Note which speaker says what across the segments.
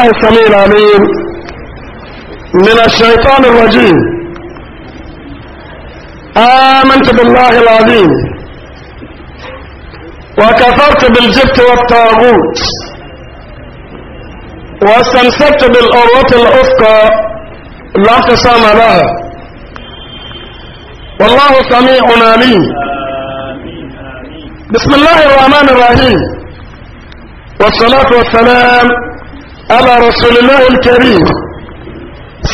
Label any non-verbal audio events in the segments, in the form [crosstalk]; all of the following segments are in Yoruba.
Speaker 1: الله السميع العليم من الشيطان الرجيم آمنت بالله العظيم وكفرت بالجبت والطاغوت واستمسكت بالأروة الأفقى لا خصام لها والله سميع عليم بسم الله الرحمن الرحيم والصلاة والسلام على رسول الله الكريم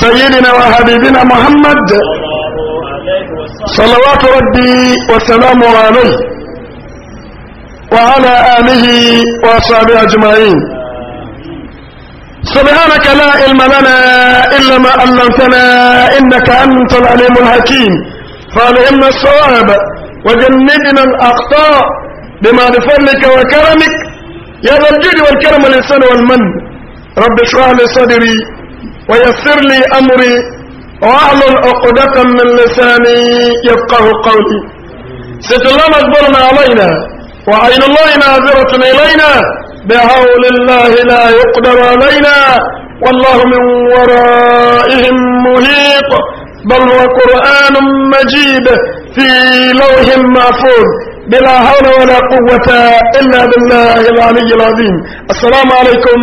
Speaker 1: سيدنا وحبيبنا محمد صلوات ربي وسلامه عليه وعلى آله وأصحابه أجمعين سبحانك لا علم لنا إلا ما علمتنا إنك أنت العليم الحكيم فعلمنا الصواب وجنبنا الأخطاء بما بفضلك وكرمك يا ذا الجود والكرم والإحسان والمن رب اشرح لي صدري ويسر لي أمري واعلن عقدة من لساني يفقه قولي ست الله مجبرنا علينا وعين الله ناظرة إلينا بهول الله لا يقدر علينا والله من ورائهم مهيق بل هو قرآن مجيد في لوح محفوظ بلا حول ولا قوة إلا بالله العلي العظيم السلام عليكم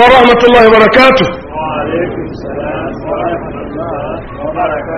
Speaker 1: ورحمة الله وبركاته وعليكم السلام ورحمة الله وبركاته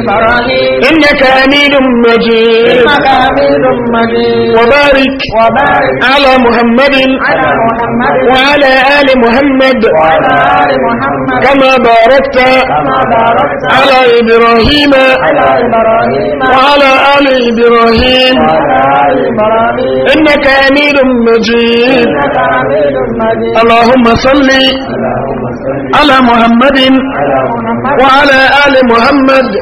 Speaker 2: إبراهيم
Speaker 1: إنك حميد مجيد إنك حميد مجيد وبارك وبارك على محمد
Speaker 2: على محمد وعلى آل محمد وعلى آل محمد كما
Speaker 1: باركت كما باركت على إبراهيم على
Speaker 2: إبراهيم وعلى آل
Speaker 1: إبراهيم وعلى
Speaker 2: آل إبراهيم
Speaker 1: إنك حميد مجيد
Speaker 2: إنك حميد مجيد
Speaker 1: اللهم صل
Speaker 2: اللهم صل
Speaker 1: على محمد وعلى آل محمد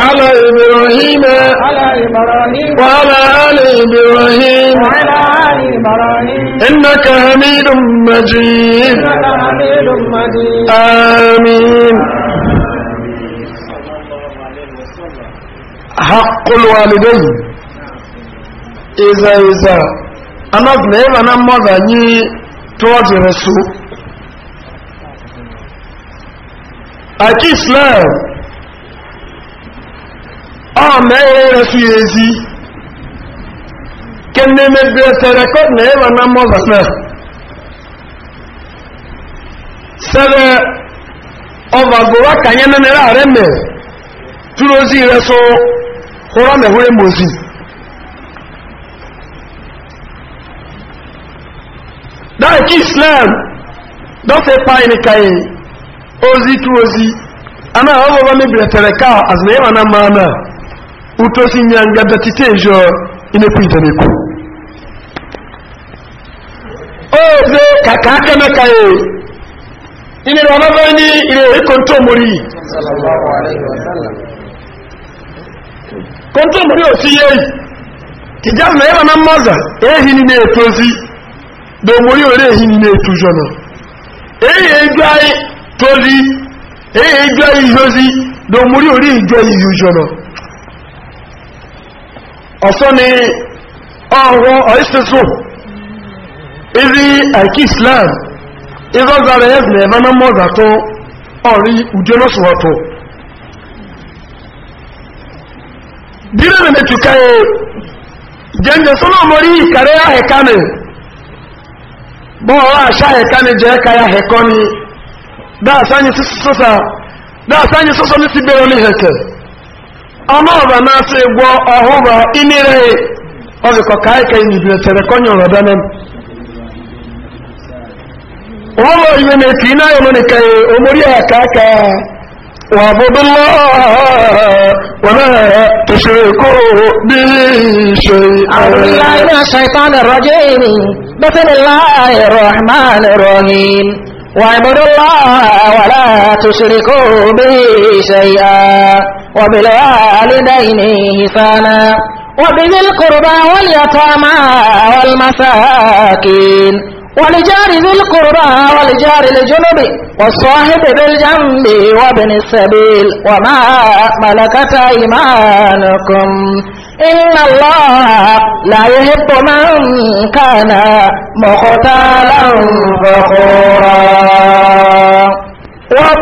Speaker 2: على إبراهيم وعلى آل إبراهيم إنك
Speaker 1: حميد مجيد آمين حق الوالدين إذا إذا أنا بنيم أنا مضاني تواجه رسول أكي إسلام ọmọ ẹ̀rẹ́ sí èzí kí ní mẹ́bí ẹ̀tẹ̀rẹ̀ kọ́ na mọ́zà náà sẹ́rẹ̀ ọgbàgbòwà kànyẹ́ nẹ́nẹ́rẹ́ ààrẹ mẹ́ túró sí rẹ̀ sọ húrọ́ mẹ́húrẹ́ mọ́sí dáìkí islam dọ́fẹ́ páìnìkàyè ozi túró sí aná ọgbàgbà mẹ́bí ẹ̀tẹ̀rẹ̀ ká àzìlẹ̀ ẹ̀rọ na mọ́ náà utosi nyanja datitejo inekuitaneku oze kakakamakaye inirwamavani ile kontomuri na osiyeyi tijazi naye banamaza ehini netozi domori ore ehini netujono Ehi ejwayi tozi eye ejwayi ihozi domori ore ejwayi ihojono ọ̀sọ́ ni ọ̀rọ̀ ọ̀ísẹsọ izi àìkí islam ìzọ́gbàrẹ̀ ẹ̀sìn ẹ̀bá náà mọ́ ọ̀dàtọ́ ọ̀rí ujẹ́lọ́sọ̀ọ̀tọ̀ dídẹ̀ nẹ̀ mẹ́tùká ẹ̀ jẹ́ǹdẹ̀ sọ́nà mọ́rí ya àhẹ̀ká bụ bọ́ọ̀rọ̀ àṣà àhẹ̀ká nì ka ya hekọ ni dáàsáyé sọ́sọ́ ti be ọmọ ọba náà sí gwọ ọhụrụ imere ọzụkọ ka anyị tere kọnyọ rọda nem ọhụrụ iwe na eti na ayọ mọni e, omori a ka aka wa budu lọ wala tushriku bi shay a'udhu minash
Speaker 2: shaitanir rajim bismillahir rahmanir rahim wa ibudu lọ wala tushriku bi shay'a وبالوالدين إحسانا وبذي القربى واليتامى والمساكين ولجار ذي القربى ولجار الجنب والصاحب بالجنب وابن السبيل وما ملكت أيمانكم إن الله لا يحب من كان مختالا فخورا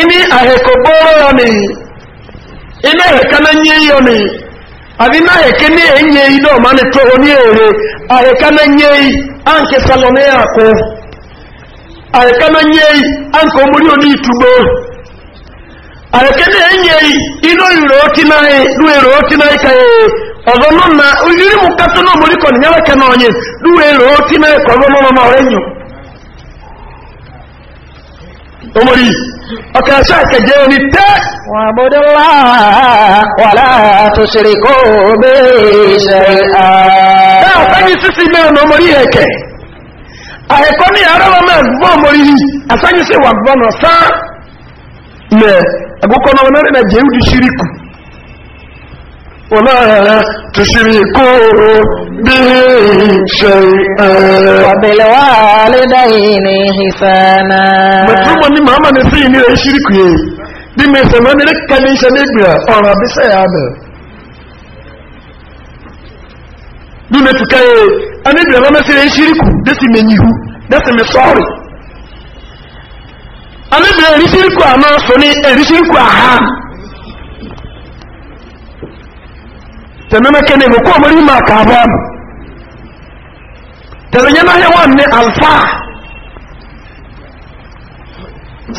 Speaker 1: ini ahekoboro yoni ina hekana nye yoni abina hekene enye ido mane toho ni ere ahekana nye anke salone yako ahekana nye anke omuri oni itubo ahekene enye ido yuro otinae duero otinae kaye ọ̀dọ́nà na oyiri mú na náà mú rí kọ̀ nìyàwó kẹ́ náà yẹn lúwẹ̀ẹ́ rò ó tí náà kọ̀ lọ́nà ọmọ rẹ̀ yàn omori ọkà ẹ̀ṣẹ́ ìkẹjẹ́ ní tẹ́ wọ́n bọ́dọ̀ wà látò ṣeré kó bẹ́ ṣe ààrẹ ọ̀fẹ́ni sísí ní ọ̀nà omori ẹ̀kẹ́ àẹ̀kọ́ ní àrọ́wọ́ mẹ́gbọ́ omori àsáyí sí wà gbọ́nà sá mẹ́ àgbọ́kọ́ náà rẹ̀ jẹ́ تشركوا به شيئا
Speaker 2: وبالوالدين حسانا مطلوب
Speaker 1: ان ماما نسيني يشرك يي دي ما سمان لك كان شنبيا اور بس يا ابا دون تكاي انا بلا ما سي يشرك ده سي منيو ده سي مسوري انا بلا يشرك اما سوني يشرك اها tẹ̀mẹ́mẹ́ kéde ìbò kó omori máa kà á bọ́ àmì tẹ̀lẹ̀ yẹn náà yẹ wà ní alfa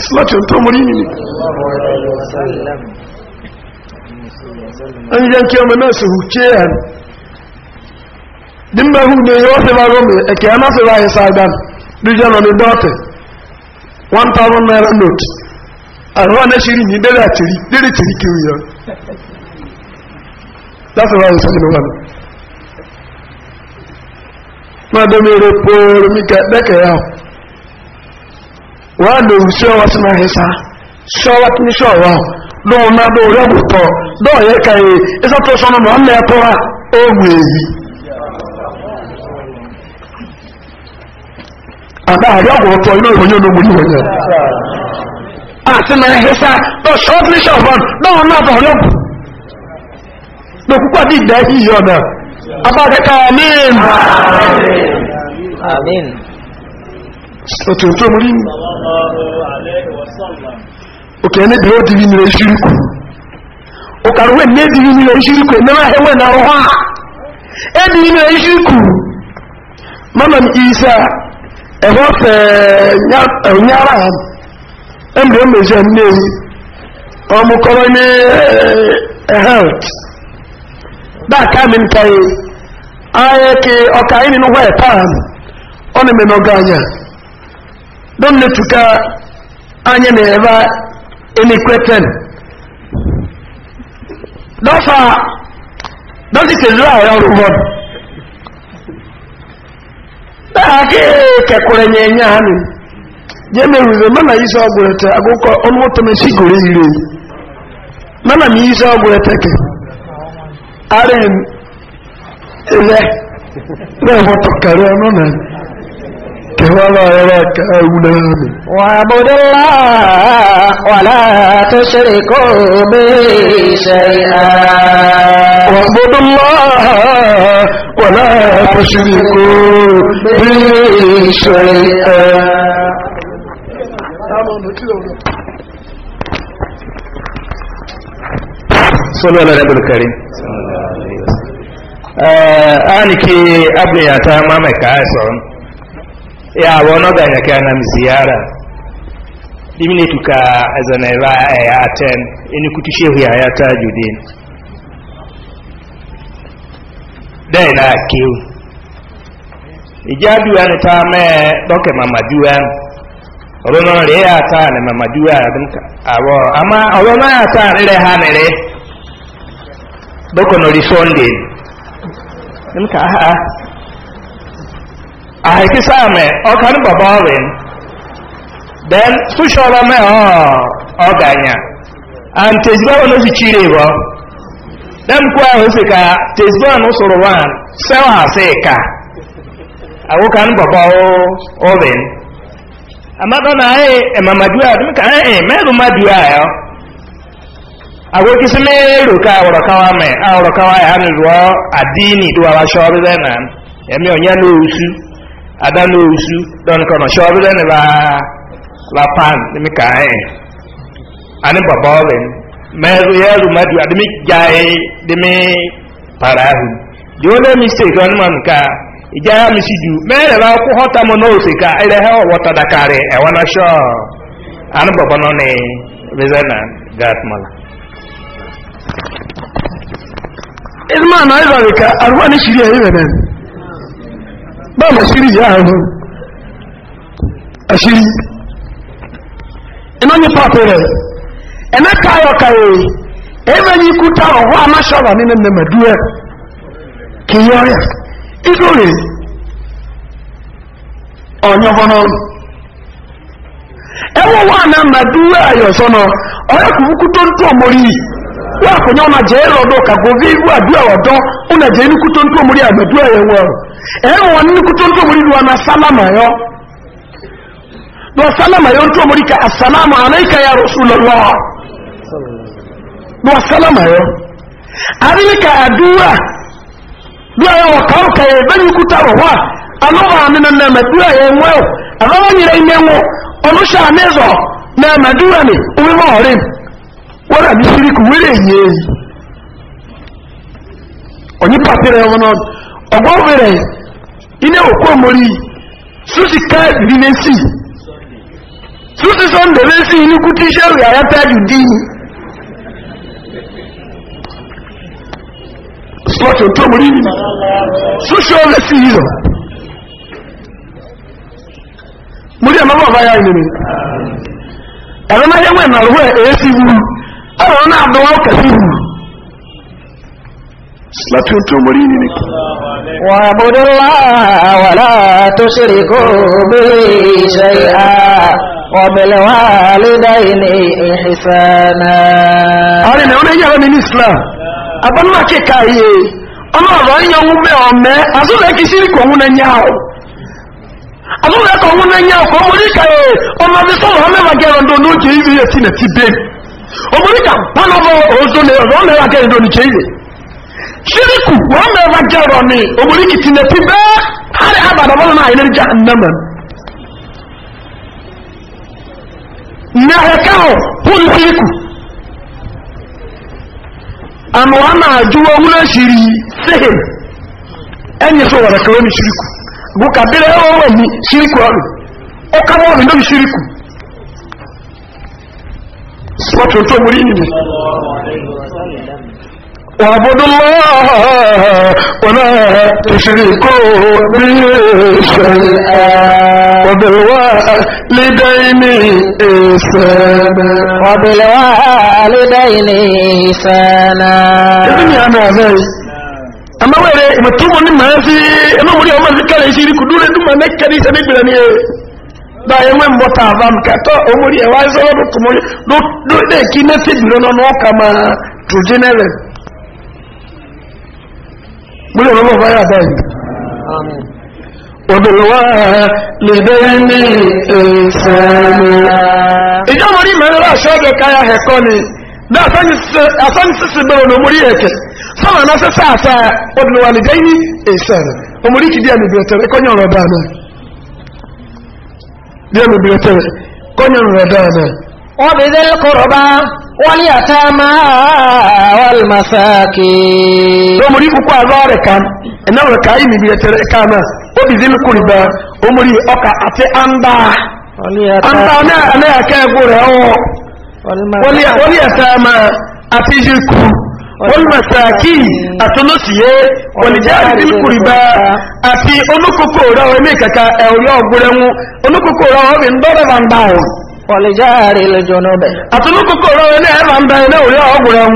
Speaker 1: sílọ́tì tó omori yìí ni. ẹni yẹn kí ọmọ náà sì hù kí ẹ̀ dimba hu ne yɔ seba rome eke ana seba yɛ saagan duja na ne dɔɔte one thousand naira note arwa ne shiri nyi dere atiri dere tiri kiri yɔ that's àwọn ìsẹ́lẹ̀ wà náà máa dẹ́mi rẹ̀ pòórò mi dẹ́kẹ̀ yà wà lè wù sí ọwọ́ sínú ẹ̀sà sí ọwọ́ tí ní sí ọwọ́ lóhun náà ló rẹ̀ bù tọ̀ dọ́ọ̀yẹ́ kàyé ẹ̀sà tó sọnù náà ń lẹ́ ẹ̀tọ́ wa ó wù to ku kwadi da yi yona abaka ka amin amin sotu to muri o ke ne biyo divi ni shiriku o karwe ne divi ni shiriku ne ma hewe na roha e divi ni shiriku mama isa e ho fe nyara embe embe je ne ọmọ kọrọ ní eh, health dáàká mi ń tayé ayé ke ọkà yìí nínú wẹ́ẹ̀ pàm ọ́nà anya dọ́m ní anya na ẹ̀rọ ẹni kwẹ́tẹ́n dọ́fà dọ́sí sèzúrà ẹ̀rọ rúbọ́n dáàké kẹkọrẹ nyẹ nyẹ ha ni jẹ́ mi rúbẹ́ mọ́nà yìí sọ ọgbọ̀rẹ̀ tẹ agókọ̀ ọ̀nà gòrè yìí arẹ́m rẹ̀ rẹ̀ wọ́tọ̀ kẹrẹ ọ̀nà náà kẹwàá lọ́rọ̀ kẹwàá mi. wà á bọ̀dọ̀ lá
Speaker 2: wà láti ṣeré kó mi ṣe yá. wà á bọ̀dọ̀ lá wà láti ṣeré kó
Speaker 3: mi ṣe yá. صلوا على النبي الكريم aniki abin ya ta mama ka son ya wono ga ya kana mziyara dimini tuka azanaiva ya aten ini kutishe huya ya tajudin dai na kiu ijabi wa ta me doke mama juan ọ̀rọ̀ náà rẹ̀ yà ta ni màmá ju àdúnkà àwọ̀ àmà ọ̀rọ̀ ta rẹ̀ ha nìrẹ̀ dokonori sunday nka ha ahiki saame ọkan baba ọrin then susọrọ mẹ ọ ọganya and tezbọ ọ n'osu chiri bọ dem kwa ahụ si ka tezbọ ọ n'usoro se sẹwọ asị ka awokan baba ọrin amadọ na ayị e, emamadu e, e, a dum ka ayị mẹrù madu a yọ. agoki su meru ka awuro kawa mai awuro kawa ya hannu zuwa addini duwa ba shawabi zai na emi onye na osu ada na osu don kono shawabi zai na la pan nimi ka ayi ani baba obi mezu yezu madu adimi jaye dimi parahu di wani mistake wani man ka ijaya misi ju mere ba ku hota mo no se ka ile he wota dakare e wana shaw ani baba no ne bezana gatmala
Speaker 1: ilma na ịba dị ka arụwa na shiri ahụ ịbana ba ma shiri ji ahụ ashiri ina nye papere ene ka ayọ ka ye ebe nye ikwu ta ọhụụ amashọba nile nne maduwe ka ihe ọrịa ịdụrị onye ọbọnọ ewu wa na maduwe ayọ sọnọ ọrịa kwukwuto ntụ omori wakonya unajera odoka govivu adua odo unajera nikutontu omuli amadua yewo ero wani nikutontu muri wana salama yo do salama yo ntu omuli ka assalamu alayka ya rasulullah do salama yo alika adua dua yo kauka ye banyu kutarwa anoba amina na madua yewo abawanyira imengo onusha amezo na madua ni ubimaore wọ́n àmì síríkù wéré yé ọ̀nyí pàtí rẹ̀ wọn náà ọgbọ́n bẹ̀rẹ̀ ilé òkú òmòrí susi káàdì lé sí susi sọ́ndẹ̀ lé sí inú sẹ́rù yàrá tájù dín slọ́tì òtú òmòrí mi susi ọ̀rẹ́ sí yìí lọ mo rí ẹ̀ mọ́ bàbá yà ìnìyàn ẹ̀rọ náà yẹ wẹ̀ ọ̀rọ̀ na dùn kasị kẹ̀sí wù. láti ọ̀tún ọmọ yìí nìyí. wà á bọ́dọ̀ láwàlá
Speaker 2: tó ṣeré kó bí ṣe à ọ̀bẹ̀lẹ̀ wà lédà ni
Speaker 1: wọ́n ń yára o na kò ń o ti be. omurika panabo ozone ozone ya gero ni cheize shiriku wame wa gero ni omuriki tinepi be hari abada wala na ile jahannama na yakao hun shiriku amma wana juwa wuna shiri sehim enye so wala kawo ni shiriku gukabira yo oh, wani shiriku wani okawo ni shiriku sọ́tò tó mú rí nìyí wàbúdú lọ́wọ́ wọlé ìṣirikó bí ẹ̀ṣẹ̀
Speaker 2: ọ̀bẹ̀lẹ̀wà lídẹ́yìnì ẹ̀ṣẹ̀ ọ̀bẹ̀lẹ̀wà lídẹ́yìnì ẹ̀ṣẹ̀ náà. ẹbí ni a náà
Speaker 1: bẹ́ẹ̀ àmọ́ ìmọ̀túnmọ̀ ní màá fi ẹmọ́ ba enwe mmụta ava m ka tọ omori ewa ịzọrọ dụtụmori dụdeki netibiri nọ n'ụka ma tụjinere mmiri ọlọlọ ọba ya ada yi odolewa lideni nsani ìjọ mori mẹrẹrẹ aṣọ ọdọ kaya hẹkọ ni bí asọ́ni sísè bẹ̀rẹ̀ ní omori ẹ̀kẹ́ sọ́nà náà sẹ́sẹ́ àtà odolewa lideni nsani omori kìdí àmì ìbẹ̀rẹ̀ tẹ̀lé kọ́nyọ̀rọ̀ bá náà. ديما بيتوي كون ينغدانا
Speaker 2: وبذي القربى واليتامى
Speaker 1: والمساكين ومري كوكو ازاري كان انما كايني بيتر كاما وبذي القربى ومري اوكا اتي امبا
Speaker 2: امبا انا انا كاغوري او واليتامى
Speaker 1: اتي جيكو wọ́lùmọ̀sáàkì àtọ́lọ́sìyé olùjáàrí bílkùrìbá àti olókòkò ọ̀rọ̀ ẹ̀mí kàkà ẹ̀rọ ọgbọ̀rẹ̀wọ̀n olókòkò ọ̀rọ̀ ọ̀rọ̀ ìdọ́rẹ̀ bá ń bá wọn.
Speaker 2: olùjáàrí lójú
Speaker 1: ọ̀nà bẹ̀. àtọ́lọ́kòkò ọ̀rọ̀ ẹ̀mí ẹ̀rọ ń bá ẹ̀rọ ọgbọ̀rẹ̀wọ̀n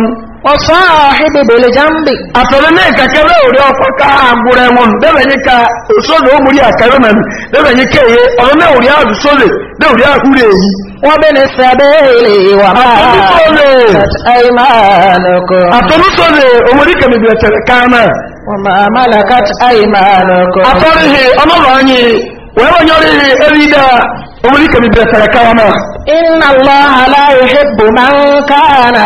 Speaker 1: ọ̀sán àhíbì bèlè jámbì. àtọ̀rọ̀ náà kàkẹ́rẹ́ òde ọkọ̀ ká àgbòrẹ̀ wọn bẹ́ẹ̀ ní ká òṣòlò ó múrí àkẹ́rẹ́ mẹ́rin bẹ́ẹ̀ ní kéye ọ̀rọ̀ náà òde àdùsọ́lẹ̀ náà òde àkúrẹ́ èyí. ومن السبيل
Speaker 2: وما
Speaker 1: أيمانكم أتنصر أمريكا ببيتركانا
Speaker 2: وما ملكت أيمانكم أتره أمراني ويوم يريه أريدا أمريكا ببيتركانا إن الله
Speaker 1: لا يحب من كان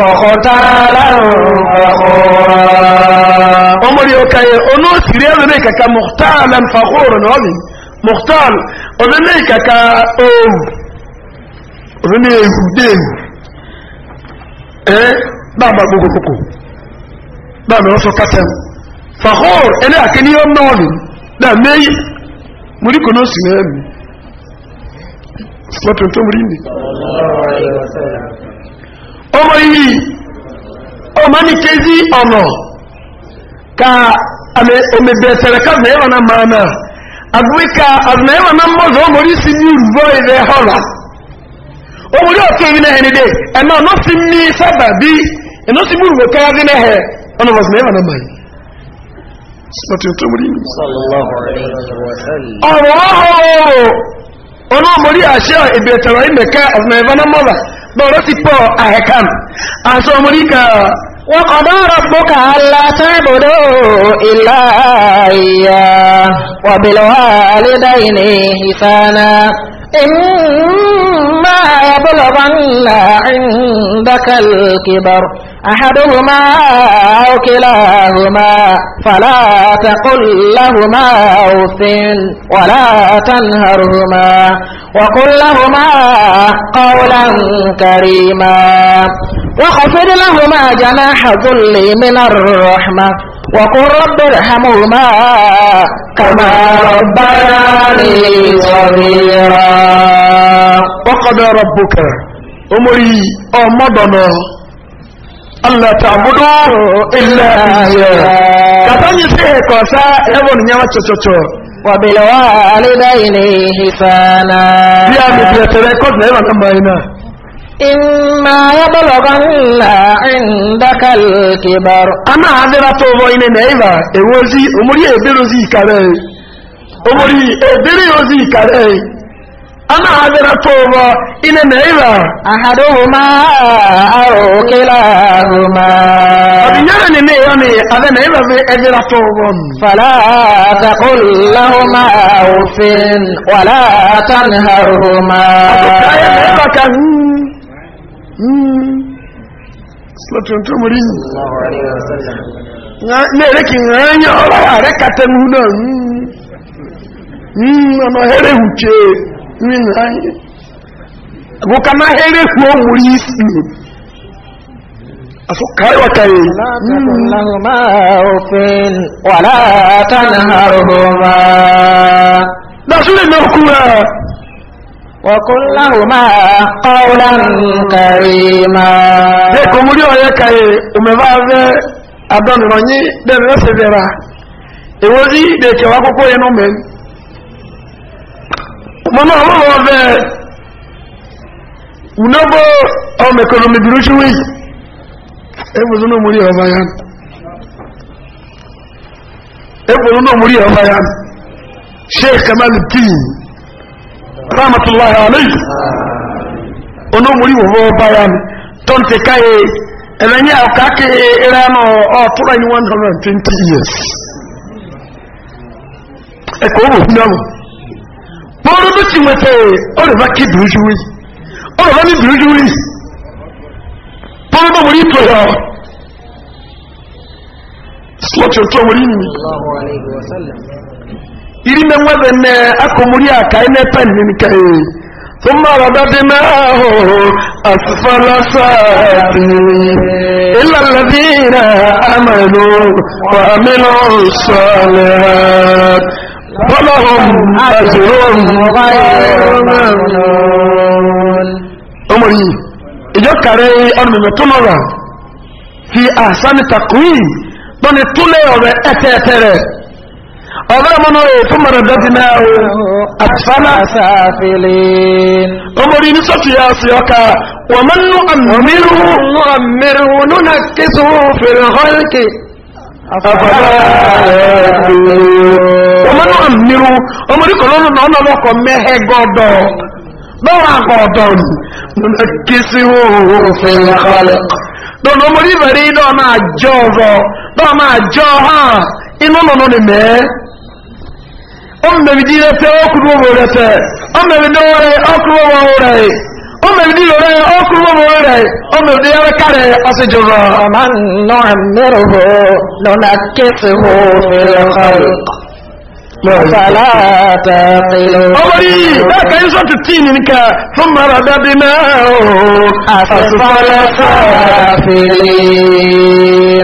Speaker 1: مختالا فخورا أمريكا أنصر أمريكا كمختالا فخورا مختال أمريكا كأوه òun ní ewu déèwù ẹ báàmà gbogbogbò báàmà ọsọ kátẹm fàhóòr ẹni àkíní yóò náà náà méyì mo rí kò náà mi sọtún tó rí mi. ọmọ yìí ọmọ ní kézí ọ̀nà ka àmì omi bẹ̀tẹ̀rẹ̀ ká mẹ́wàá náà máa náà ọ àmì mẹ́wàá náà mọ̀ lọ́wọ́ omuli oke bi na hene de ɛna ɔno si mi saba bi ɛno si buru wokaya bi na hɛ ɔno wɔ sinɛ ɛna mayi ọ̀rọ̀ ọ̀họ̀ ọ̀nà omori àṣẹ ìbẹ̀tẹ̀rọ̀ ìmẹ̀ká ọ̀nà ìbáná mọ́lá bọ̀rọ̀ sí pọ̀ àhẹ̀kán àṣọ omori ka wọ́n kọ̀dọ̀ rọ̀pọ̀
Speaker 2: ka látàbọ̀dọ̀ ìlàáyà wọ̀bẹ̀lọ́wà alẹ́dàí ní ìsáná ما يبلغن عندك الكبر أحدهما أو كلاهما فلا تقل لهما أوف ولا تنهرهما وقل لهما قولا كريما واخفض لهما جناح ذل من الرحمة وقل رب ارحمهما كما ربياني
Speaker 1: صغيرا وقد ربك أمري أمضنا Allah ta budu illa iya. Kàtàyì sí ẹ̀kọ́ sá ẹ̀bùn ní ẹwà tsọ̀tsọ̀tsọ̀. Wàbìlẹ̀
Speaker 2: wá àlẹ́dá ilé ìfànà. Bí a mi bìí
Speaker 1: ẹ̀tẹ̀rẹ̀ kọ́ọ̀tù náírà náà máa iná.
Speaker 2: Ìmà yọ́bọ̀lọ́gọ́ ńlá ìndákà lókè bàrọ̀. A máa
Speaker 1: أنا عذرة طوبة إن نعيبا أحدهما أو كلاهما أبيان نعم
Speaker 2: نعيبني أذا نعيبا في أجرة توبة فلا تقل لهما
Speaker 1: أوف ولا تنهرهما أبقى نعيبا كان صلاة تمرين الله عليه وسلم نعيبك نعيبا أركة نعيبا أنا هره وجه nínú agoka máa hẹ́rẹ́ fún ọmọ orí sí àsọ̀káyọ̀ta yìí
Speaker 2: láàrùnmá òfin wà látàlá àrùnmá lọ́sílẹ̀ náà kú rẹ̀ wọ̀kún láàrùnmá kọ́ọ̀lá
Speaker 1: kàrí máa ẹkùn múrí ọ̀yẹ́ kàrí òmìnira fẹ́ adọ́nìrọ̀ yí dẹ̀rẹ̀ ẹ̀sẹ̀ rẹ̀ ra èwo sí ìdẹ̀kẹ̀wà kókó inú mẹ́rin mọ́nà ọlọ́rọ̀ ọ̀fẹ́ unobo ọmọ ẹ̀kọ́rọ̀ mẹ́bìrú ṣíwé ẹgbùsùn náà múrí ọba ya ẹgbùsùn náà múrí ọba ya sheikh kamali tii rahmatullahi alayhi onomori wọ́wọ́ ọba ya tọ́ntì káyé ẹ̀lẹ́yìn àkákè ẹ̀rẹ́ náà ọ̀tọ́rọ̀ ní 120 years ẹ̀kọ́ òwò náà ọrụ bụ chi nweta ọrịba ka ibujuwi ọrịba na ibujuwi pọrọ nwere ito ya slọchọ ntọ nwere imi iri na nwebe nne akọmuri a ka anyị na-epe nne nke ya ثم رددناه أسفل سافلين إلا الذين آمنوا وعملوا الصالحات fọ́lọ́hùn àṣìròhùn ọmọrí ìjọ́kàrẹ́ ọdúnmẹ̀mẹ̀ tó mọ́ra fi àṣáni takwí tọ́ni túnlẹ̀ ọ̀rẹ́ ẹ̀tẹ́ẹ̀tẹ́ rẹ̀ ọ̀rẹ́ mọ́nà rẹ̀ fún mọ̀rẹ̀dọ́dì náà àṣánà ọmọrí ní sọ́tù yà sí ọmọnú àmìrú ọmọdékọ̀ lọ́nà náà ọ̀nà ọkọ̀ mẹ́hẹ́ gọ́ọ̀dọ̀ lọ́wọ́ àgọ́ọ̀dọ̀ nù kìsí òfin àkọlẹ̀ lọ́nà ọmọdé ìbẹ̀rẹ̀ iná máa jọ ọ̀rọ̀ inú ni mẹ́ ọmọ ọkùnrin owó ọmọ ọkùnrin owó ọmọdé rẹ
Speaker 2: ọkùnrin mọmọ rẹ ọmọdé rẹ kárẹ ọsìjọ rọ. ọmọ náà mẹ́rù hó lọ́nà kéfì hó fèrè kọ́lù. Mọ̀sálà tẹ̀lé. Ọmọ yìí bẹ́ẹ̀
Speaker 1: kẹ́yìn sọ́ọ̀tù tíì nìkan fún mọ̀rọ̀ dábì náà o. Àfẹ́fọ́lẹ́ fàáfìlì.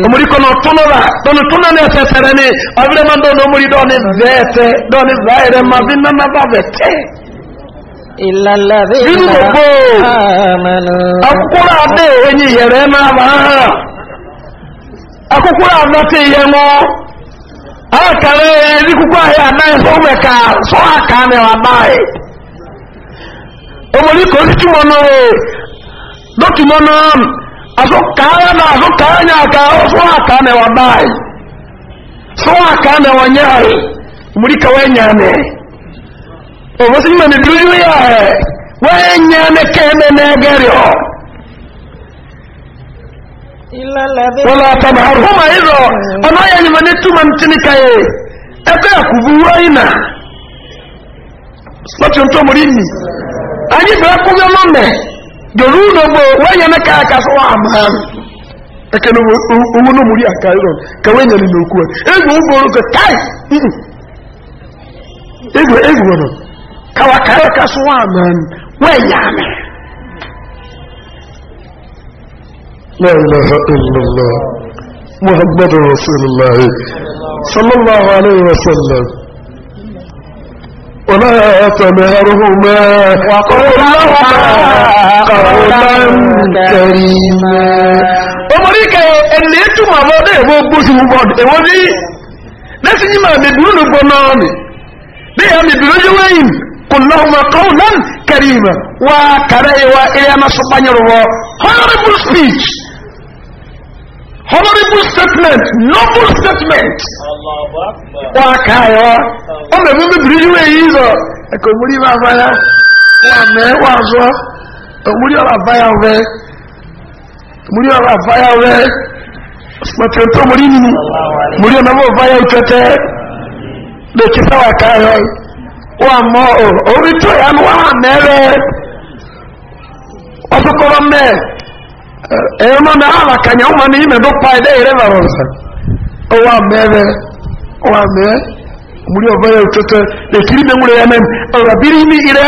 Speaker 1: Omori kọ́nà túnúra tọ́nu túnú ní ẹsẹ̀ sẹ̀rẹ̀ ni ọ̀bẹ̀rẹ̀ máa ń dọ̀nà
Speaker 2: nínú gbogbo
Speaker 1: akúkúrò abẹ́ ẹ̀yìn ìyẹ̀rẹ̀ máa máa hàn akúkúrò àbọ́tí iye wọn ọ̀kẹ̀rẹ̀ ẹ̀rí kúkú àyè àdáyé fún mẹ́ka fún àkàmì àbáyé omori kò sí túmọ̀ náà dókìmọ̀ náà àfọkàáyà náà àfọkàáyà ní àkà fún àkàmì àbáyé fún àkàmì àwọnyẹ́ àyè omori kàwé nyàmẹ́. obosi mami duju yae wenyane kene negerio
Speaker 2: wala tabhar huma izo
Speaker 1: ono yani mane tuma ntini kaye eko ya kuvuwa ina sati onto mulimi anyi fere kubyo mame dorudo bo wenyane wa ka ka tai kawakareka so aman wanyame la ilaha illallah muhammadu rasulullah sallallahu alaihi wasallam ولا تنهرهما وقل لهما
Speaker 2: قولا
Speaker 1: كريما أمريكا اللي يتم أبدا يبقى بوشي مبادئ ولي لسي ما بيقولوا بناني ليه ما بيقولوا جوائم وقل لهما قولا wa وكرأي wa ما سبحانه wa honorable speech honorable statement noble statement wákàáyọ́ ọmọ ẹ̀mú bíbí ìwé yìí lọ ẹ̀kọ́ ìmúrí wa báyá wa mẹ́ wà zọ́ ìmúrí ọ̀rọ̀ àbáyá rẹ̀ ìmúrí ọ̀rọ̀ àbáyá rẹ̀ pẹ̀tẹ̀ tó múrí nínú múrí ọ̀nà bó báyá ìtẹ́tẹ́ lè kí sáwà káyọ́ yìí wa mọ orí tó yà ni wàhà mẹ́rẹ́ ọdúnkọ́rọ́ mẹ́ ẹ̀yọ́ náà náà àlàkànyà ọmọ ní ìmẹ̀dọ́ pa ẹ̀dẹ́ ìrẹ́ bàbá ọ̀sẹ̀ ọwọ́ mẹ́rẹ́ ọwọ́ mẹ́rẹ́ múlí ọ̀bọ̀ yẹ òtútù lèkìrí mi múlẹ̀ yẹ mẹ́rin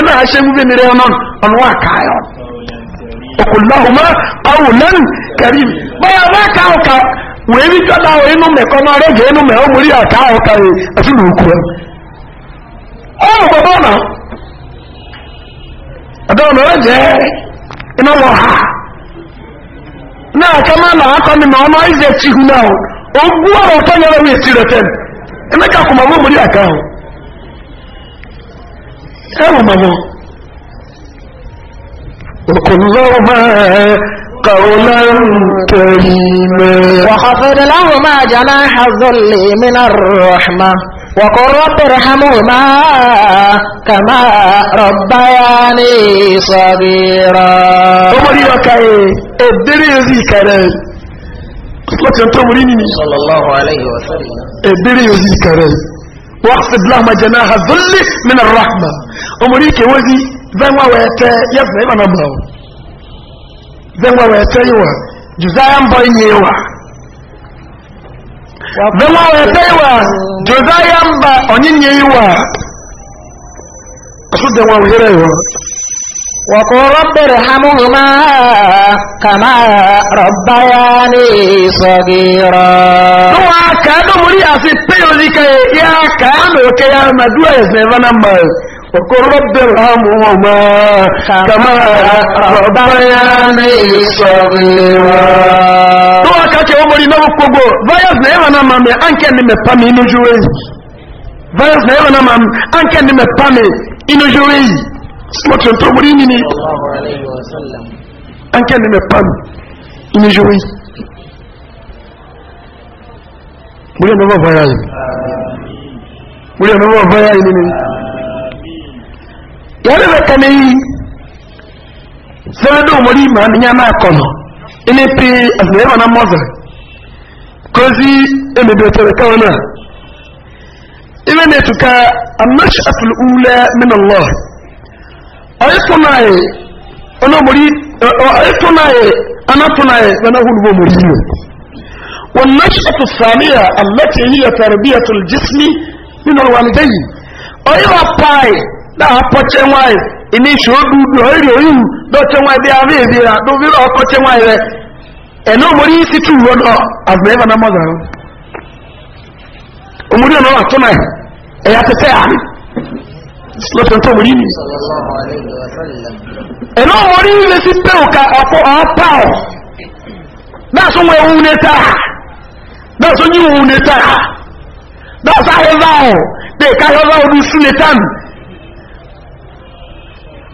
Speaker 1: ọ̀rọ̀ náà ọ̀rọ̀ bàbá ọ̀nà ọ̀dọ́ ọ̀nà ọ̀rọ̀ jẹ́ iná wọ̀ ha náà kẹ́mọ́ náà akọni ma ọmọ ìzẹ̀ ti hu náà ogún ọ̀rọ̀ tó yẹrọ wí èsì rẹ̀ tẹ́lẹ̀ ẹ̀mẹ́ka kò máa wọ́n mọ̀ ní àká o ẹ̀rù máa wọ́n وكلهما
Speaker 2: قولا كريما وخفض لهما جناح الذل من الرحمه وقل رب ارحمهما كما ربياني صغيرا عمر
Speaker 1: يوكاي ادري يزيك صلاه انت صلى الله عليه وسلم ادري كاري واقصد لهما جناح الذل من الرحمه عمر امريك وزي زما ويتا يفهم انا بلاو زما ويتا يوا جزايا بينيوا zama wa Josiah jozayan ba onin yayi wa su da wa wira yawa wa ko rabbar hamuhuma
Speaker 2: kama rabbayani sagira
Speaker 1: duwa ka da muri asi peyo lika ya ka no ke ya maduwa ya zeva namba wa ko rabbar hamuhuma kama rabbayani sagira kake omori na bukogo virus na yawa na mame anke ni mepame inu juwe virus na yawa na mame anke ni mepame inu juwe smokin to muri ni ni anke ni mepame inu juwe muri na ba virus muri na ba virus ni ni yare ba kame yi sanadu omori ma ni yana akono ina fi asirema na moza kozi emebetare kawana ina ne tuka annashi afil ula min allah ayi tunaye ona muri eh, ayi tunaye ana tunaye bana hulbo muri والنشأة الثانية التي هي تربية الجسم من الوالدين أيوة باي لا أبتش واي إني شو دو دو هيرو do chenwa bi abi bi ra do bi ro ko chenwa ire eno mori si tu wo do azbe ba na mo zaro omuri no wa to na e ya tete a lo so to mori ni sallallahu alaihi wasallam eno mori le si pe o ka apo o pa o da so mo ewu ne ta da so nyi ewu ne ta da sa he va o de ka he va o du su ne ta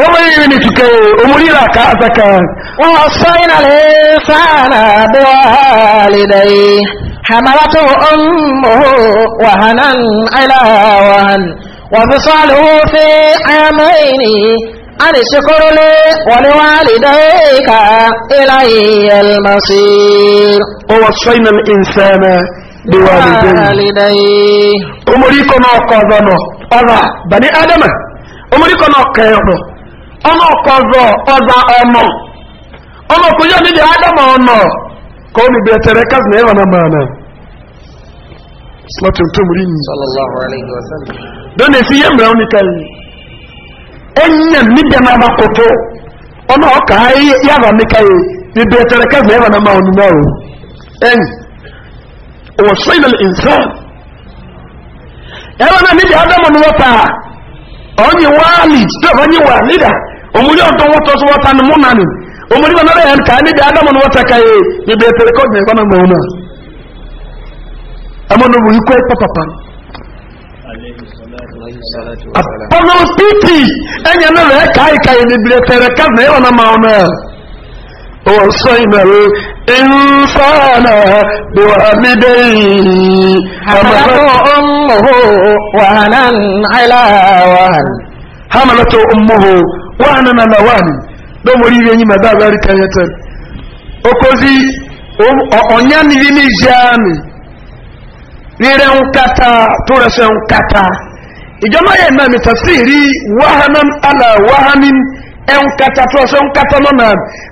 Speaker 1: ومن يتكي أمري لك أتك ووصينا الإنسان
Speaker 2: بوالديه حملته أمه وهنا على وهن وفصاله في عامين أن اشكر لي ولوالديك إلي
Speaker 1: المصير ووصينا الإنسان بوالديه أمريكنا قضنا قضى بني آدم أمريكنا قضى Ọnụ ọkọzọ ọza ọmọ ọnụ. kò yọ níbi ádámà ọ̀nà kò ní bí ẹtẹrẹ kásìlẹ ẹwà náà na náà slọtì tó múrí ní lọ́nà èsì yẹ́ mìíràn nìkan yìí ẹ̀yẹ̀ níjẹ̀ náà bá kòtó ọmọ ọkà yàrá nìkan yìí ní bí ẹtẹrẹ kásìlẹ ẹwà náà máa nínú ọ̀rọ̀ ẹ̀yìn wọ́n sọ ìlẹ̀ ìnsán ẹwà náà níjẹ̀ ádámà ni wọ́n ta ọ̀nyẹ̀ wáàlì tó ọ̀nyẹ̀ omuli otu wọ́n tọ́sí wọ́ta ni múnà ni omuli wọn náà yẹn káyé níbi adamu ni wọ́n tẹ̀ka yé níbi ètèrè kọ́ jẹ́ ìgbọ́nà mọ̀ náà ẹmọ ní wòye kọ́ ẹ̀pọ̀ pàpà ni. àpọ̀nà pt wani na na wani lomori ibe nyi mada abari kanyete okozi onya ni bi ni jani nkata torese nkata ijoma ya na mi tasiri wahanan ala wahanin e nkata torese nkata nọ na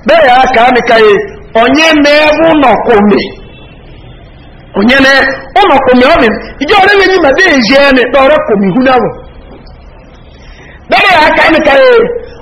Speaker 1: be ya aka ka kai onye na no komi onye ne ono komi omi ijo re we ni mada e jani dore komi hunawo be ya aka ka kai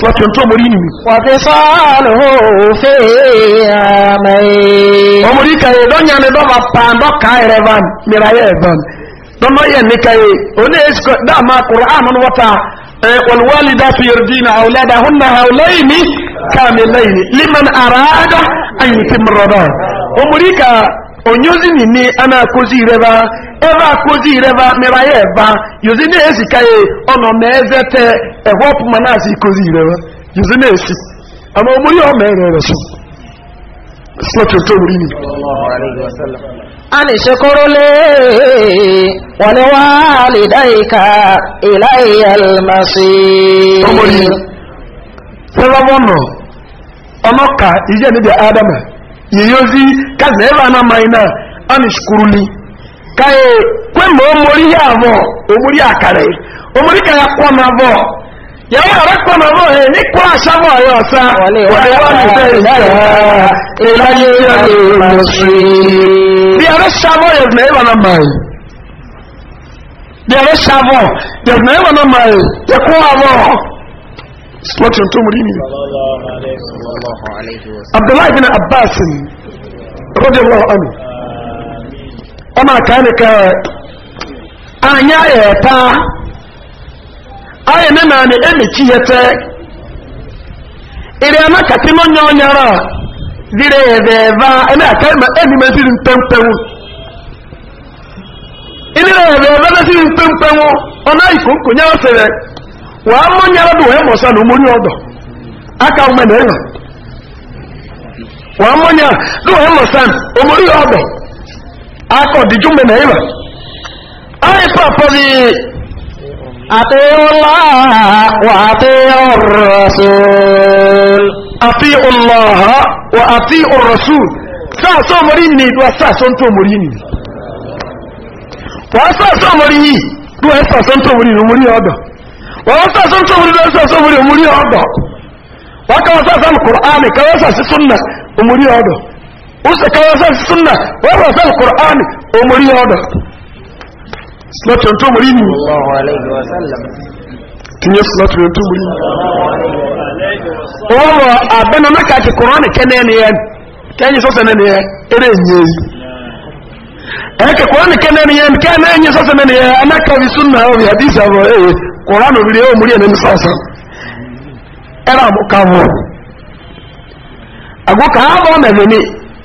Speaker 1: slatin tó mori nìmi. wàtí sọ́ọ̀lù fẹ́ àmì. ọmọdé kàyé dọ́nyà ni dọ́ba pàǹdọ́ ká ẹ̀rẹ̀ van mìíràn ayé van dọ́nà yẹn ni kàyé oní èsìkò dáàmà kúrò àmàn wọ́ta wàlúwàlì dáfi yẹrùdínà àwùlẹ́dà húnna àwùlẹ́yìní kàmìlẹ́yìní liman àràádà àyìntì mọ̀rọ̀dọ̀ ọmọdé kà ònyózìnì ni anákòzì rẹ̀ bá ebe akụzi ireba mere anyị eba yozi na-esi ka ya e, ọnọ na eze te ehwọpụ ma na-asị ikozi ireba yozi na-esi ama omori ọ mere ere so sọtụ tó wuri ni. a lè ṣe kóró lé wọlé wá
Speaker 2: lè dá ìka ìlà ìyàlmàṣe. ọmọ yìí
Speaker 1: fẹ́rẹ́ wọ́nà ọmọkà ìjẹ́ níbi ádámà yìí yóò sí kásìlẹ̀ ẹ̀fà náà máa a lè ṣe kóró kaye kwemma omori ya avo omori akare omori ka ya kwa ma vo ya wa ara kwa ma vo he ni kwa asha vo ya osa wale wa ni se se ila ni ya ni musri bi ara sha vo ya na eva na mai bi ara sha vo ya na eva na mai ya kwa vo slot to murini sallallahu alaihi wa sallam abdullah ibn abbas radiyallahu anhu ọmọ àkànnìkà anyị ayọ ẹpa ayọ nínú àná ẹnìkí yẹ tẹ ìrìn àná kàtí na nyọ nyọrọ zire ẹbẹẹba ziri mpẹmpẹwò ìrìn ẹbẹẹba mẹ ziri mpẹmpẹwò ọ̀nà ìkókò nyẹ ọsẹrẹ wàá mọ nyọrọ dùn ẹ mọ̀ọ́sá ní omori ọdọ aka ọmọ na nà ẹ̀ nà wàá akọ dìjú mẹ́mẹ́ ìwà àìsà pẹ̀lú àti ọlá wà àti
Speaker 2: ọ̀rọ̀sùn
Speaker 1: àti ọlá wà àti ọ̀rọ̀sùn sáàsọ́ mọ̀rí ní ìdúwà sáàsọ́ tó mọ̀rí ní wọ́n sáàsọ́ mọ̀rí yìí dúwà sáàsọ́ tó mọ̀rí ní mọ̀rí ọ̀dọ̀ wọ́n sáàsọ́ tó mọ̀rí dúwà sáàsọ́ mọ̀rí ọ̀dọ̀ wọ́n kọ́ sáàsọ́ mọ̀rí ọ̀dọ̀ usakawa sa sunna wa ba sa umuri yodo slatu to muri ni sallallahu alaihi wa sallam tinye slatu to muri ni owo abana maka ki qur'ani kenene yen kenyi so senene yen ere eke qur'ani so anaka bi sunna o bi hadisa eh qur'ani bi muri era agoka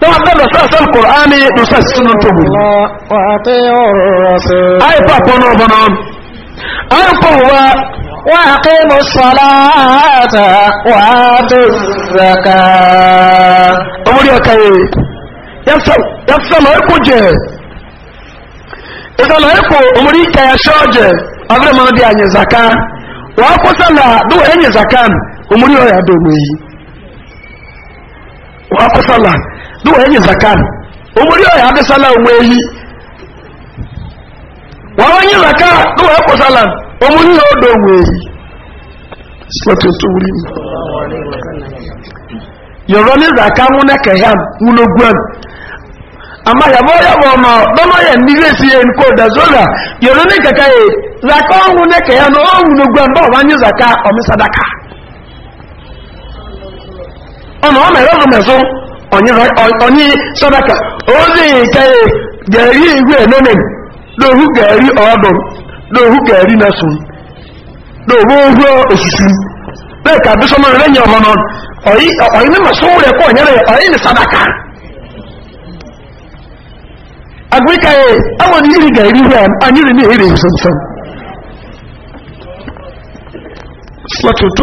Speaker 1: تعذب ساس القرآن نسسن تبو
Speaker 2: وأطيعوا الرسول أي بابنا بنام أي قوة وأقيموا الصلاة وآتوا الزكاة
Speaker 1: أقول يا كي يفصل يفصل هيكو جي إذا هيكو أمري كي يشوج أبري ما دي أني زكاة وأقو صلاة دو أني زكاة أمري هيا دومي وأقو صلاة ní wọ́n yẹ zakat omori ọ̀yà abisala òun eyi wọ́n wọ́n yẹ zakat ní wọ́n kọ́ sálà omori yẹ ọdọ òun eyi sọ́tò tó wúlí mi. yọ̀rọ̀ ní zakat ń nẹ́kẹ̀ yá wúlò gbọ́n àmà ndị yàbọ̀ ọmọ bọ́mọ yẹn ní ọ nwanyị onye sadaka ozi nke gari igwe nomen dohu gari ọdụm dohu gari nasun dohu ogwo osisi bẹ́ẹ̀ ka bí sọmọ rẹ̀ yẹ ọmọ náà ọ̀yí mímọ̀ sówó onye kọ́ ọ̀nyẹ́rẹ̀ ọ̀yí sadaka agbíkà yẹ iri ga-eri rẹ̀ anyìrì ní na ìsọ̀nsọ̀n slọ́tù tó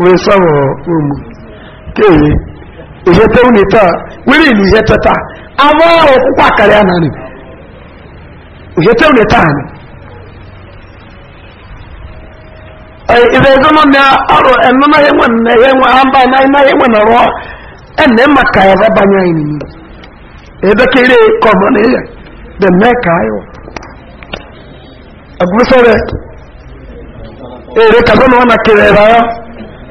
Speaker 1: wesabo omu kee ihete taa wiri ilu ihete taa ama ọrụ ọkwụkwọ akara ya nanị ihete unita anyị ibe ezono na ọrụ ẹnu na enwe na enwe hamba na enwe na rụọ ẹnne maka ya banye anyị n'ihu ebe kere kọmọ na ihe da mee ka ayọ agwụsọrọ ere kazọ na ọ na kere ya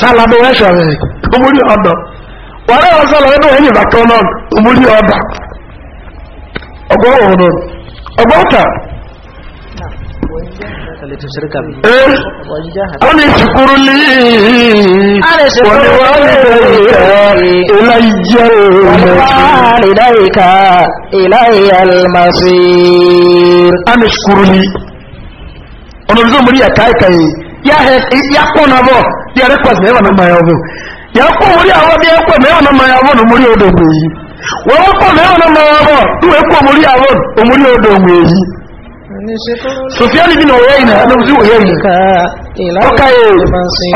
Speaker 1: sálàdé wọ́n ṣe ọ̀rẹ́ omúrí ọ̀dọ̀ wọ́n rẹ̀ wọ́n sálàdé wọ́n yìí bàtọ́ náà omúrí ọ̀dọ̀ ọgbọ́n ọ̀rọ̀ ọgbọ́n ta wọ́n eh? ni ṣùkúrú
Speaker 2: lè wọ́n ni wọ́n lè ilá ìjẹ́ ìlàíkà ìlàíyà almasí a
Speaker 1: ni ṣùkúrú lè ọ̀nà ìzọ́ mú rí ẹ̀ka ẹ̀ka yìí yá kó na bọ́ yɛrɛ kɔ mɛwa na ma yawo yɛkɔ muri awɔ bi yɛkɔ mɛwa na ma yawo no muri odo gbe yi wɔn kɔ mɛwa na ma yawo tu yɛkɔ muri awɔ o muri odo gbe yi
Speaker 3: sofiya ni bi na oyɛ yina ɛna bi oyɛ
Speaker 2: yina ɔka ye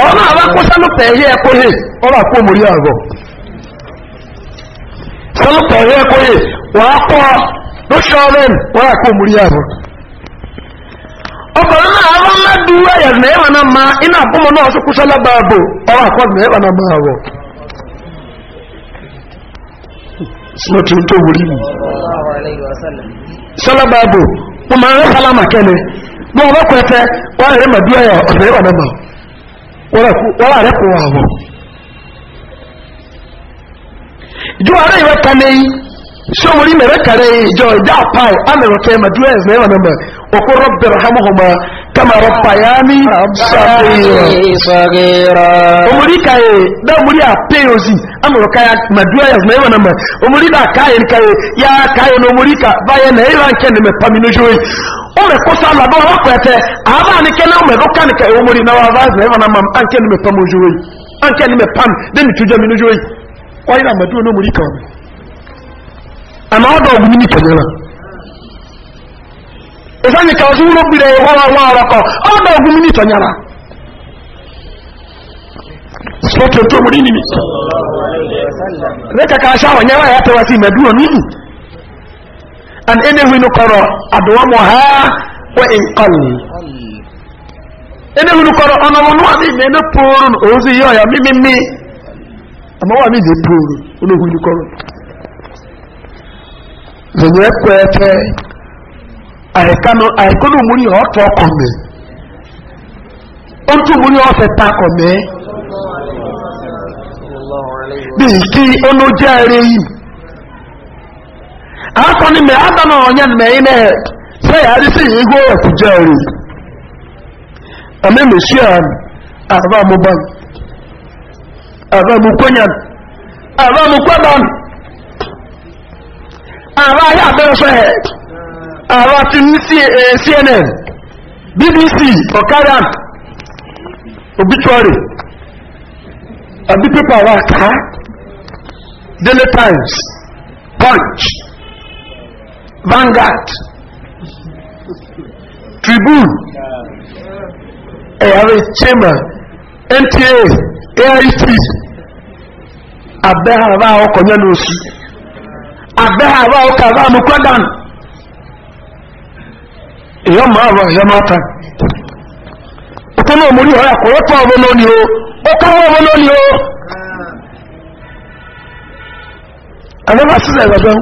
Speaker 1: ɔna aba kosa no pɛ yɛ ɛkɔ ye ɔba kɔ muri awɔ sɔlɔ pɛ yɛ ɛkɔ ye wɔakɔ no sɔɔ bɛn wɔakɔ muri ọkọ̀rọ̀ náà àwọn ńlá dúró ẹ̀yà mẹ́wàá náà máa iná àkọ́mọ náà ṣe kúṣọ́ lábàábò ọwọ́ àkọ́ mẹ́wàá náà máa rọ̀ sọ́tù tó wùrí mi máa ń shawari mai rakare jo da pai amero ke maduwa ne ma mamba wa qur rabbi rahamuhuma kama rabbayani sagira umuri kai da muri a peyozi amero kai maduwa ne ma mamba umuri da kai kai ya kai no muri ka baye ne ran ken me pamino joyi o me ko sala do wa kwete aba ni ken o me do kan kai na wa va ne ma mamba an ken me pamino joyi an ken me pam de mi tuja mino joyi kwa ila maduwa no muri àmà ọ ọ̀gùn ní ìtẹ̀lẹ̀ náà ka kan sí wúlò gbìrẹ̀ ìwọ́ àwọn àrọ̀kọ̀ ọ̀dọ̀ ọ̀gùn ní ìtẹ̀lẹ̀ náà sọ́tò tó mú nínú rẹ̀ kàkà aṣáwọ̀ nyẹ́ wáyé àtẹwà sí ìmẹ̀dúwọ̀ nínú kọrọ ha wẹ́ ìkọlù ẹni hu inú kọrọ ozi ya ya kọrọ zenye kwete ahekano ahekono muri ọtọ kọme otu muri ọfẹ ta kọme bí kí ọnà jẹ ẹrẹ yìí akọni mẹ adana ọnyẹ na yìí mẹ sẹ yà rí sí yìí gbọ ẹkú jẹ ẹrẹ ọmọ mo mo ààrẹ ayé abẹ́rẹ́fẹ́ ààrẹ ti ní cnn eh, bbc ọ̀kadà obituary àbí pépà wa ká daily times punch vanguard tribune ẹ̀yàwó chamber nta arc abẹ́hàrá ọkọ̀ yẹn ló sí àbẹ́hàwá ọkà bá mú kọ́dán èyàn máa rọ èyàn máa ta ọkọ̀ náà mú rí ọ̀rẹ́ àkọ́rọ́ pọ̀ ọmọ lóní o ó káwọ́ ọmọ lóní o àbẹ́bà sísẹ̀ ìrọ̀dọ́n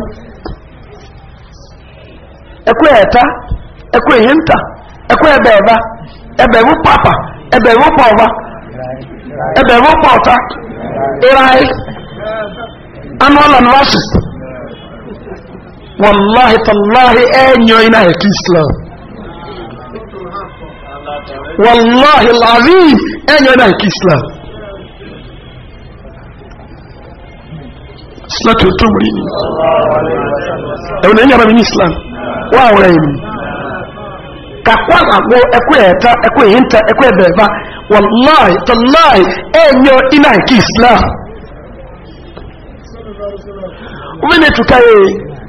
Speaker 1: ẹkú ẹ̀ẹ́ta ẹkú èyíntà ẹkú ẹ̀bẹ̀ ẹ̀bá ẹ̀bẹ̀ ẹ̀wú pàpà ẹ̀bẹ̀ ẹ̀wú pọ̀ ọba ẹ̀bẹ̀ ẹ̀wú pọ̀ ọ̀ta ìráyé anú ọ̀lànà wáṣìsì wallahi tallahi enyo ina heki islam wallahi alazim enyo ina heki islam silatu tumulini ẹwọn ẹnyẹ bàbá ní islam wà wọlé yìí kakwa agbo ẹkọ ẹta ẹkọ ẹyinta ẹkọ ẹbẹẹba wallahi tallahi enyo ina heki islam wọ́n ní ẹtùkà yìí.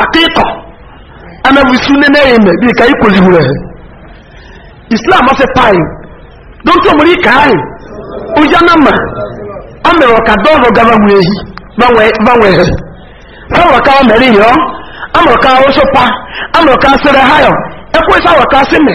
Speaker 1: akịtọ anabusu nene yi bi ka ikoli wura islam ɔfɛ paayi dɔntu omori ike ojanama amɛrɛ na mma gaba wura yi ba gaba nwere sáwọn ká ha yọ amọ̀rọ̀ ọ. oṣù pa amọ̀rọ̀ ká sẹrẹ hayọ ẹkú ẹ sáwọn ká sí mẹ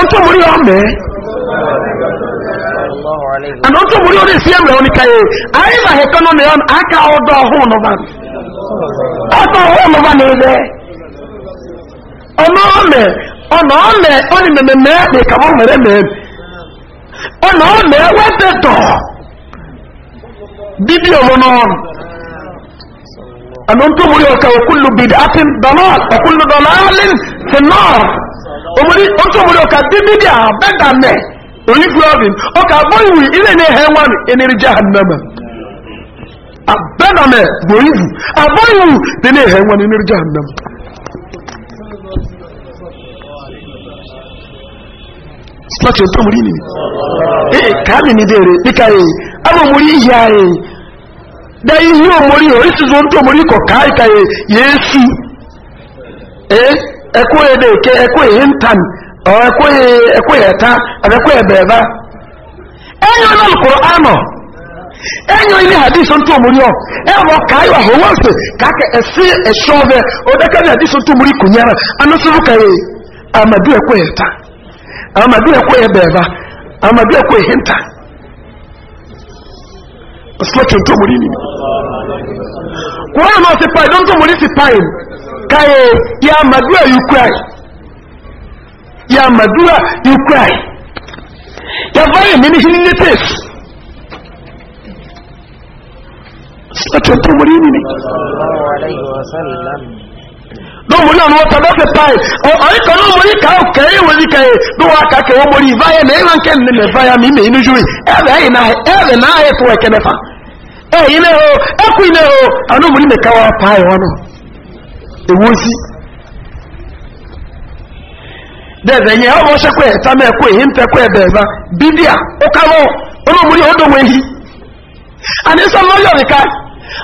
Speaker 1: ọtọ mori ọmọ Ana ọtọ mori ọdẹ sí ẹmẹ ọni káyé ayé bá hẹkọ náà aka ọdọ ọhún nọba ọdọ ọhún nọba ní ẹgbẹ ọmọ ọmọ ọmọ ọmọ ọni mẹmẹmẹ ẹgbẹ kàwọn mẹrẹ mẹ ọmọ ọmọ ẹwẹ tẹtọ bíbí ọmọ náà ọtọ mori dọlọ dọlọ alin omori otu omori ọka dibidi a bẹda mẹ oyifu ọbin ọka abọyiwu ilé na ẹhẹ wọn ẹnìrì jẹ ànàmà abẹda mẹ bụ oyifu abọyiwu ní ẹhẹ wọn ẹnìrì jẹ ànàmà. sipati otu omori nini ee kaami ni dere dịka ee ama omori ihe anyị da ihe omori orisizo ntụ omori kọ kaa ịka ee yesu ee. ekweghị beke ekweghị ntan ekweghị e, eta ekweghị beba enyo na alkur'ano enyo ile hadis ntu omuriyo ewo kai wa howanse kake esi eshove ka ni hadis ntu omuri kunyara anusuru e amadu ekweghị eta amadu ekweghị beba amadu ekweghị nta Oslotu ni. si cry. ya madura cry ya madura yukwai ya bayan mini shi e e ne fes sọ́tọ̀ tó wọlé nìyí lóòmù náà ni wọ́n tọ́ lọ́fẹ̀ páì ọ̀rí kan ló mọ̀rí ká òkè ìwòrí kẹ̀yẹ na wà kàkẹ́ wọ́n mọ̀rí ìfáyẹ́ mẹ́ ìwọ̀n kẹ́ ní mẹ́fáyà mi mẹ́yìn lójú ẹ̀rẹ̀ náà o àwọn mọ̀rí mẹ́ká wà ewosi dẹ́ẹ̀bẹ̀ yẹn ọmọ ṣe pé ẹ̀ta mẹ́ẹ̀kọ́ èyí ń tẹ́kọ́ ẹ̀bẹ̀ ẹ̀bá bíbíà ó káwọ́ olóòmùrí ọdọ́wọ̀ èyí àníṣọ́ lọ́yọ̀ nìka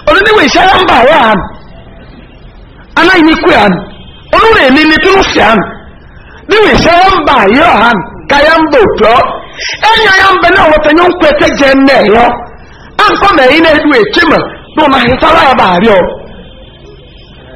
Speaker 1: oníníwò ìṣẹ́yà ń bà wọ́ àn aláìníkú àn olóòrè ní mba tó ń fi àn níwò ìṣẹ́yà ń enyo ya àn na nye nkwete na ahịtara ya ba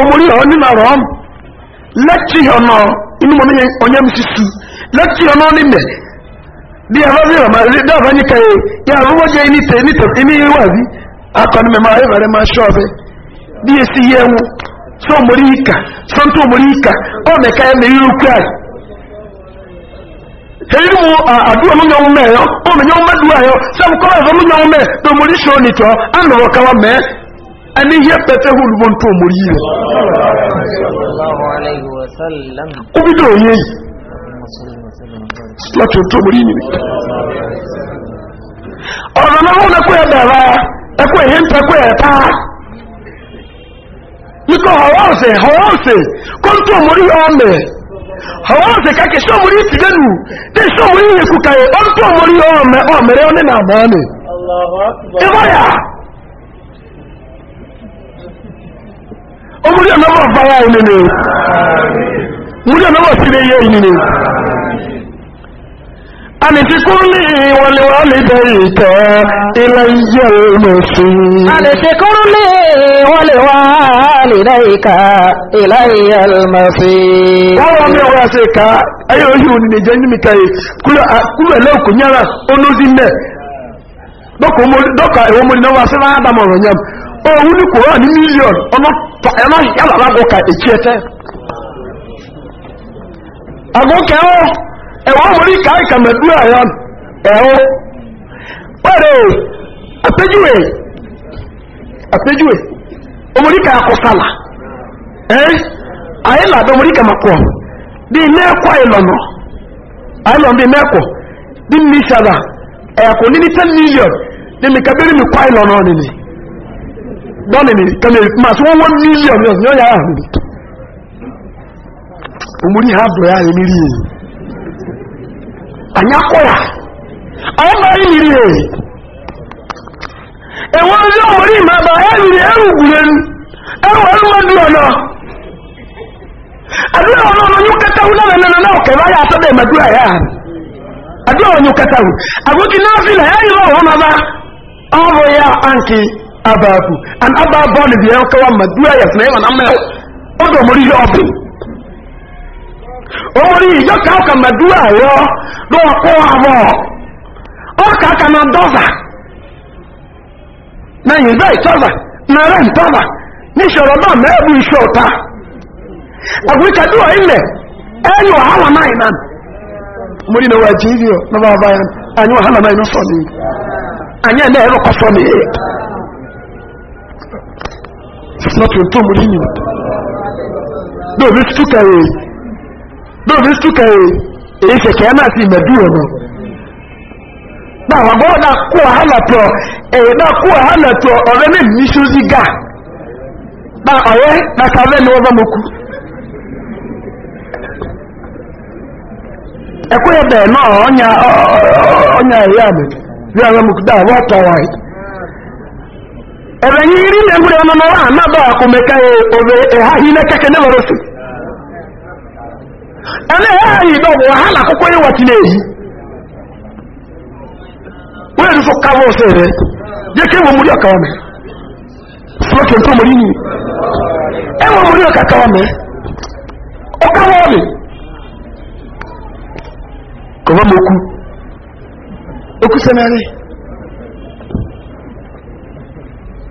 Speaker 1: omori ọ ní na rọm lẹ́tì ọ̀nà inú mọ̀ níyẹn ọ̀nyẹ́ mi sísú lẹ́tì ọ̀nà ní mẹ́ bí ẹ̀rọ bí ẹ̀rọ máa rí dáàbá ní kẹyẹ yà rúwọ́ jẹ́ ní tẹ̀ ní tẹ̀ ní wà bí akọni mẹ́ma ayé bẹ̀rẹ̀ máa ṣọ́ ọbẹ̀ bí esi yẹ wọn sọ omori ìkà sọ ntọ́ omori ìkà ọ mẹ́ka ẹ̀ mẹ́rin rú kúrẹ́ èyí mu àdúrà mu nyɔnu mɛ yɔ ɔmɛ nyɔnu mɛ dùwà yɔ sɛ nkɔlɔ ɛfɛ mu nyɔnu mɛ tòmòlì sɔ nìtɔ anọ̀rọ̀ kawa mɛ ẹni yẹ pẹtẹ hù lùbọn tó mọ yìí rẹ. ó bí lóò yé yìí lọ́tún tó mọ yìí nìyí. ọ̀rọ̀ náà wọn ẹkọ ẹ̀dàrà ẹkọ ẹ̀yẹ ntẹ ẹkọ ẹ̀ta. ọ̀sẹ̀ ọ̀sẹ̀ kó tó ọ̀sẹ̀ kàkẹ́ ti dé yẹ nà omuri anama baya inini muri anama sireye inini أنفقني ولوالديك إلي المصير
Speaker 2: أنفقني ولوالديك إلي
Speaker 1: المصير wọ́n mi ọ̀rọ̀ ṣe ká ayé oṣù òní jẹ́ níbi ká yìí kúrẹ̀ lẹ́ọ̀kùn yára olóòzí mẹ́ dọ́kà ìwọ́n mo ní náà wá sí láàdàmọ̀ràn yẹn òun ní koran mílíọ̀n ọ̀nà yàrá àgọ́kà èkí ẹ̀tẹ́ àgọ́kà ẹ̀họ́ ẹ̀wọ́ wọlé káàkà mẹ́dúrà ẹ̀yọ́ ẹ̀họ́ pẹ̀lẹ́ àpéjúwe àpéjúwe ọmọdéka akọ̀sálà ẹ̀ àyílàdọ̀ ọmọdéka makọ̀ bí mẹ́kọ̀ ìlọ̀nà àyílọ̀ bí mẹ́kọ̀ bí mísàlà ẹ̀kọ̀ ní ní ten million ní mi kàbẹ́rẹ́ mi kọ́ ìlọ̀nà nìyí dọ́nìní kẹlẹ̀ máa tí wọ́n wọ́n mílíọ̀nù ọ̀sán yọ́ yàrá rẹ̀ omori ha bọ̀ yára ní rí èyí àyàkọ́yà ọmọ yìí rí èyí ẹ̀wọ́ orí omori ìmọ̀ba ẹ̀rìrì ẹ̀rù gùnrẹ́nu ẹ̀rù ẹ̀rù mọ́dú ọ̀nà àdúrà ọ̀nà na yóò kẹta wúlọ̀ lẹ́nu náà kẹwàá anki. abaaku and abaabɔ ne deɛ ɔkawa ma dua yɛ ɛma namna yi ma dua na ɔkɔ abɔ ɔka na dɔza na na rɛ ntɔza ne hyɛrɛ ɔdɔ ma ɛbu ihyɛ ɔta abirika ɔhala nan na wɔ na baa baa yɛn anyɛ ɔhala nan no sɔ ne na ɛyɛ sɔ sọ́tún tó mú nínú lóòrí túkàrè lóòrí túkàrè èyí ṣẹ̀kẹ́ máa sí ìmẹ̀dú ọ̀nà báwọn gbọ́dọ̀ náà kó wàhálà tọ èyí náà kó wàhálà tọ ọ̀rẹ́ náà ní ṣúzí gà ni wọ́n bá kú yẹ bẹ̀rẹ̀ náà ẹ̀yà mi ọ̀rẹ́ dáa wọ́n tọ̀ wáyé ebe iri na ngwere ọnụ a na akwụmeka ya obe ehaghị na keke ne were osin ebe ehaghị ibe ọgwụ ha na akwụkwọ ịwa ti na-eyi wee rufu kawa ọsọ ere je ka enwe mmiri nke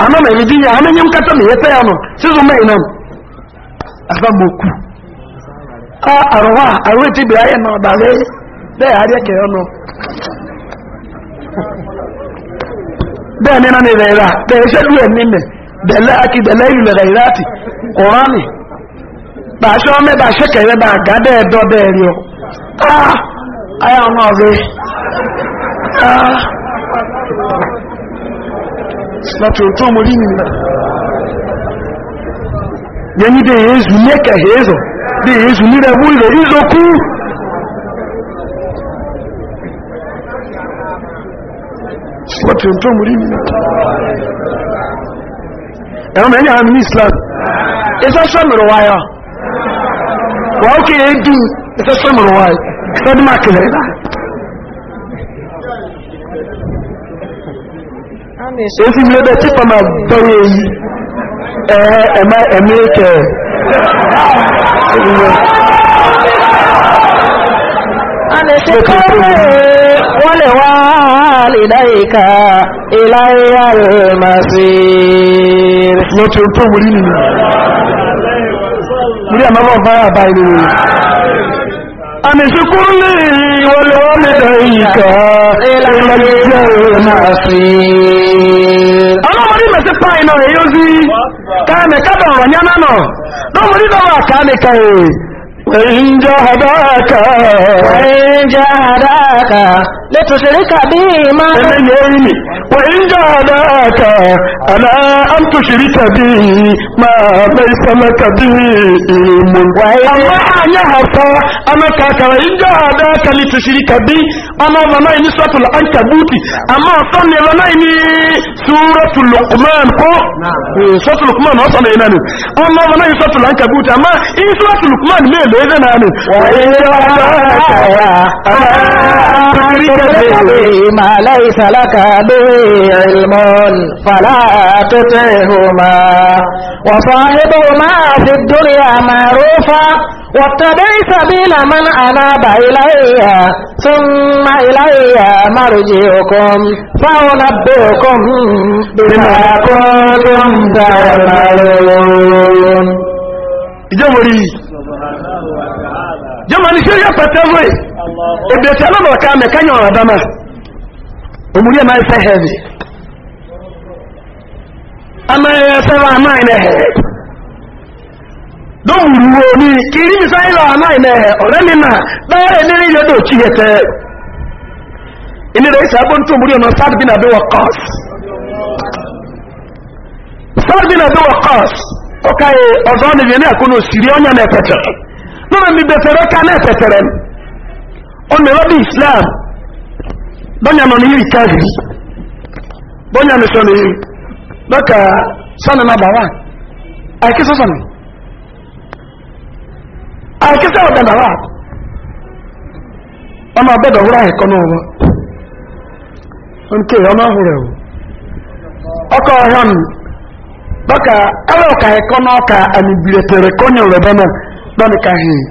Speaker 1: ama ma ebi ya amenye mkata ma yete ya no sizo mai nam aba moku a arwa aweti bi aye na dare de ari ke ono de ne na ne de ra de se du en ne de la aki de la yule gairati qurani ba so me ba se ke ba ga de do de ri o ah aya ono ze ah na tuntun muri nyina yanyi da yezu ne ka hezo da yezu ni da buri da izo ku na tuntun muri nyina ẹ̀rọ mẹ́rin àwọn ní islam ẹsẹ́ sọ́mọ̀rọ̀ wáyọ̀ wà ó kéré dùn ẹsẹ́ sọ́mọ̀rọ̀ wáyọ̀ sọ́dún máa kẹlẹ̀ náà èsì ilé bẹ́ẹ̀ tí pàmà bẹ́rẹ̀ èyí ẹ̀mẹ́ ẹ̀mẹ́ kẹ̀
Speaker 2: Wàlẹ̀wàlìdáìka ìláyà al-masir.
Speaker 1: Wọ́n ti rú tó wùrí nìyàn. Múrí àmọ́bọ̀ bára bá ìrìnrìn. أن اشكر لي ولوالديك إلى المصير ọlọ́mọdé mẹ́sí pa iná èyí ó sí káàmì kábọ̀ ọ̀rọ̀ yánà náà lọ́mọdé lọ́wọ́ àkáàmì káyè وإن جهداك وإن جهداك جاءك لتشرك به ما وإن جاءك على أن تشرك به ما ليس لك به علم أما أن يهفى أما كاك وإن جاءك لتشرك به أما ظنين سورة العنكبوت أما صن ظنين سورة اللقمان كو سورة اللقمان وصل إلى أما ظنين سورة العنكبوت أما إن سورة اللقمان ليه بإذن وإن جاءك
Speaker 2: ما ليس لك به علم فلا تطعهما وصاحبهما في الدنيا معروفا واتبع سبيل من أناب إلي ثم إلي مرجعكم فأنبئكم بما كنتم
Speaker 1: تعملون جمهوري جمهوري شو يفتوي ebe tí alábọ̀ ká mẹ́ká yàn ọ̀rọ̀ dámà òmùrí ẹ̀má ẹ̀fẹ́ hẹ́ẹ̀dì amáyẹ ẹ̀fẹ́rọ na-ehe. dóòmùrú wo ni kìí ní sáyẹ̀lọ amáyẹ ẹ̀hẹ́ ya mi nà bẹ́ẹ̀rẹ̀ nílé yọdọ̀ òkú yẹ tẹ́ ilé rẹ̀ ìsà abóńtó òmùrí ọ̀nà sáàdì bínà bí wọ́kọ́s sáàdì bínà bí wọ́kọ́s ọkà ọ̀zọ́ nìyẹn ní ọmọ ẹ̀rọ islam bọ́nyà nọ ní bọ́nyà nọ sọ ní lọ́kà sọ́nà náà bàwà àìkísọ́ ọ àìkísọ́ ọ̀gá bàwà ọmọ abẹ́dọ̀ wúrà ẹ̀kọ́ náà wọ́n ń ọmọ ahùrẹ̀ o ọkọ̀ ọ̀hẹ́ mi lọ́kà ẹlọ́ọ̀kà ẹ̀kọ́ náà ọkà àmì ìbìrẹ̀tẹ̀rẹ̀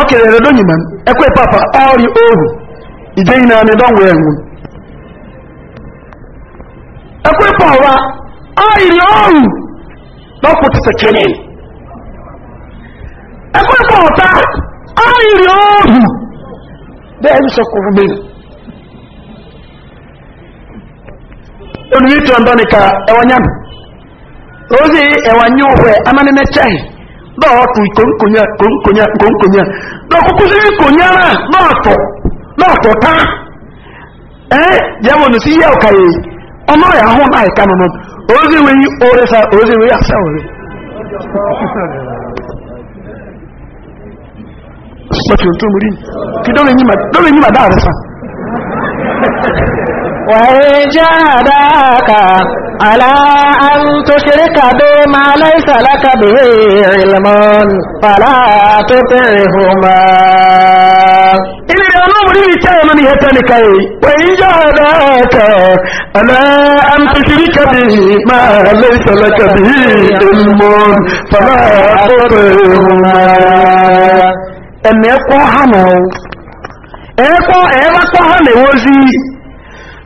Speaker 1: ọ kelere donyima ekwe papa ọrịa ohu ijeghi naanị dọnwa enwu ekwe papa ọrịa ohu dọpụtụsị ekwe papa ọrịa ohu bẹẹ ń sọkùnrin bẹẹ olùyí tó ndọ dọ́nìkà ẹwà ozi ẹwà nyúwẹ̀ amánínẹ́kyẹ́hìn náà tu kòńkònyà kòńkònyà kòńkònyà náà kúkú sí kònyà náà náà tọ̀ náà tọ̀ tá ẹ́ yẹ́wọ̀n ní sí yẹ́ ọ̀ka yìí ọmọ rẹ̀ ahọ́n náà ẹ̀ka nínú òózì wẹ̀ yí oore sa òózì wẹ̀ yí àṣà òre. sọ́tù tó mú rí kí dọ́wọ́ ẹ̀yìn mà dáa rẹ̀ sàn. وإن جاهداك
Speaker 2: على أن تشرك بما ليس لك به علم
Speaker 1: فلا تطعهما إلى الأمام لي تامن يتنكي وإن جاهداك على أن تشرك به ما ليس لك به علم فلا تطعهما أن يقوى حمو ẹ̀kọ́ ẹ̀bá tọ́hánà wọ́n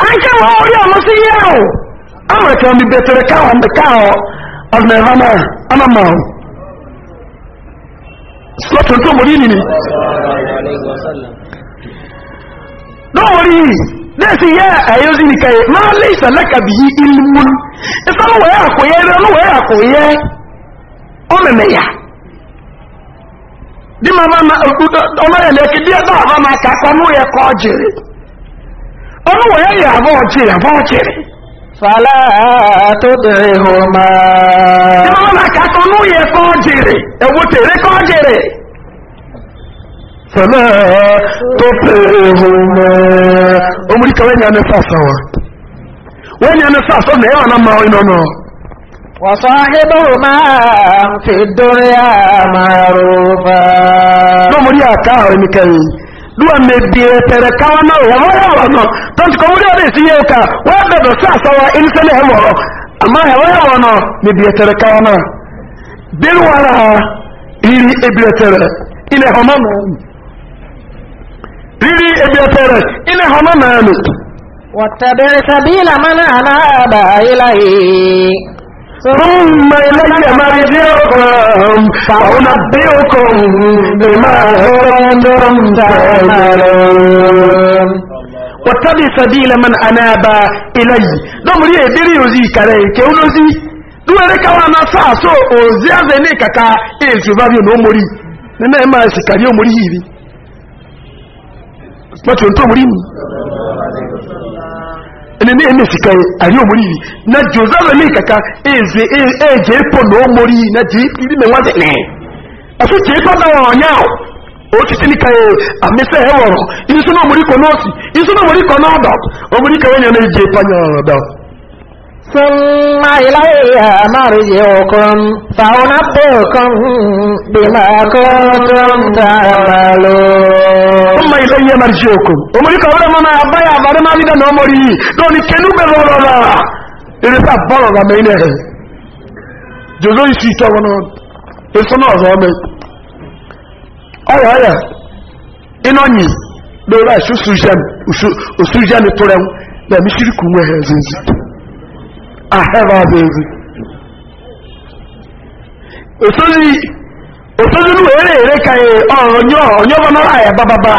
Speaker 1: aka ma ori amasị ihe ahụ ama ka mi betere ka ahụ mbe ka ahụ ọ dị na ama ana ma ahụ slọtụ ntụ mori ili ni n'omori desi ya ayozi ni kai ma laisa laka bihi ilmun wa ya ko ya no wa ya ko ya o ya di o ọlọ́wọ̀ yẹ́ yàbọ̀ ọ̀kẹ́ yàbọ̀ ọ̀kẹ́ rẹ̀ fàlá
Speaker 2: tó bèèrè hù máa ìwọ́n àkàtọ̀ ní yẹ kọ́ jèrè ẹ̀wọ́ tèrè
Speaker 1: kọ́ jèrè fàlá tó bèèrè hù máa omúríkà wọ́n yà ní sàṣọ wa wọ́n yà ní sàṣọ ní ẹ̀wọ̀n náà máa iná náà wàsáhébò máa fi dórí àmàrò fà lọ́mọdé àká àwọn ẹnikẹ́yìn duwa mebietere kawa na wawaya wano tonti ko muri orisi yeka wada do sasa na insene hemoro ama hewaya wano mebietere kawa na bir wala riri ebietere ile na ani riri ebietere ile hono na ani ثم إلي مرجعكم فأنبئكم بما كنتم تعملون واتبع سبيل من أناب إلي دوم لي إدري يوزي كري كيونوزي دوere kawa na saa so ozi aze ne kaka ezu babi na omori ne na ema sikari omori hivi Mwacho nto omori ni ka emesikaye ari omuriri na jozaba mekaka eze eje e epo na omori na je ibi me ne je epo na wanyao otiti nikaye amese eworo isu na omori konosi isu na omori konoda omori kaye na je epo na oda ثم إلي مرجعكم فأنبئكم بما كنتم ni ẹmà ríṣẹ́ òkú omori kọ̀ wúrẹ́ mọ́nà àbáyà àbárẹ́ máa nídà náà mọ́rí yìí náà ni kẹ́lú pẹ̀lú ọ̀rọ̀ eré bá bọ́rọ̀ rà mẹ́rin ẹ̀rẹ́ jòjó ìṣù ìṣọ́wọ́ náà èso náà rọ̀ ọmọ ọyà ọyà iná nyì lórí àṣù òṣùjẹ́ ni tó rẹ̀ náà mi ṣírí kùn wẹ̀hẹ̀ ẹ̀zẹ̀zẹ̀ ahẹ́rọ̀ abẹ́rẹ́ òfẹ́lú èrè èrè kàyè ọ̀rọ̀ ọnyọ náà àyà bàbàbà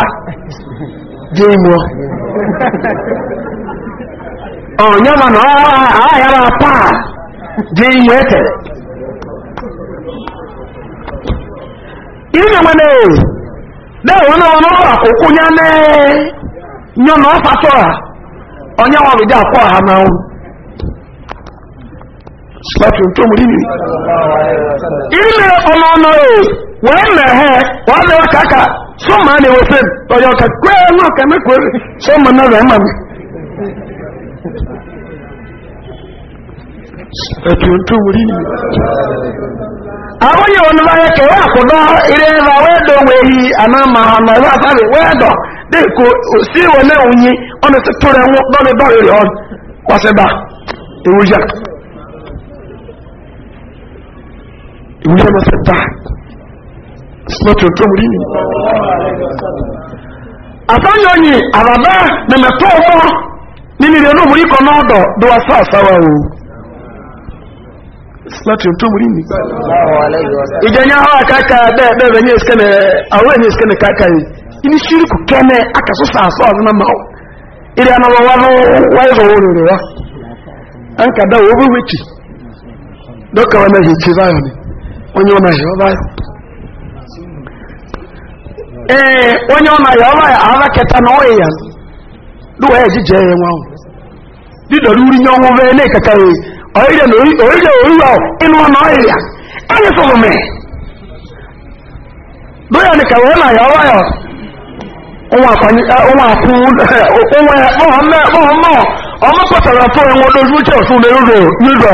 Speaker 1: dị ìmọ̀ ọnyọ mana àyà bàbà pàà jẹ́ ìmọ̀ ẹ̀tẹ̀ ìrìnà wọn náà lẹ́wọ̀n náà na náà àkókò sọ́tù tó mú nínú. ilé ọmọ ọmọ rẹ̀ wọ́n mẹ̀ wọ́n lè kàkà sọ́mà ni wọ́n fẹ́ ọ̀yọ̀ kàkọ́ ẹ̀ náà kẹ́mẹ́kọ́ sọ́mà náà rẹ̀ mà mí. sọ́tù tó mú nínú. àwọn yìí wọn bá yẹ kẹwàá àkùdọ́ ilé àná náà tó Ndị lọ sẹ́ta slọ́tì ọ̀tọ́ mú rí ni. àfáyọ̀nyì àbàbá mẹ̀mẹ̀tọ́ ọmọ nínú ìrẹ̀lú òmùrí kan náà dọ̀ bí wọ́n sá àsáwà o slọ́tì ọ̀tọ́ mú rí ni.
Speaker 2: ìjẹ̀nyà àwọn àkàkà
Speaker 1: bẹ́ẹ̀ siri bẹ́ẹ̀ ní ìsikẹ́nẹ̀ na ma ire na wa an onye ọ naghị ya ee onye ọ naghị ya ara na ọyị ya ló wẹ́ ẹ̀jíjẹ ẹ̀ wọn o dídọ̀rú rí ní ọmọ bẹ́ẹ̀ náà kẹta yìí ọ̀rẹ́dẹ̀ orílẹ̀ orílẹ̀ inú ọ̀nà ọyị ya ẹni ni kẹwẹ́ ya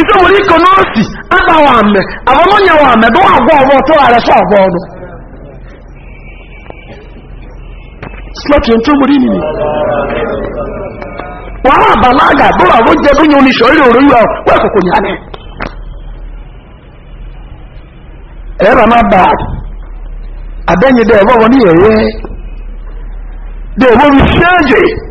Speaker 1: ife nwere iko n'osi agbawa mme abamanya wa mme dọwa agwa ọgbọ tụgharị sọ ọgbọ ọnụ wàhálà bàlágà bọ́lá bó jẹ́ bí yóò ní sọ ilé òròyìn ọ̀ ẹ̀ má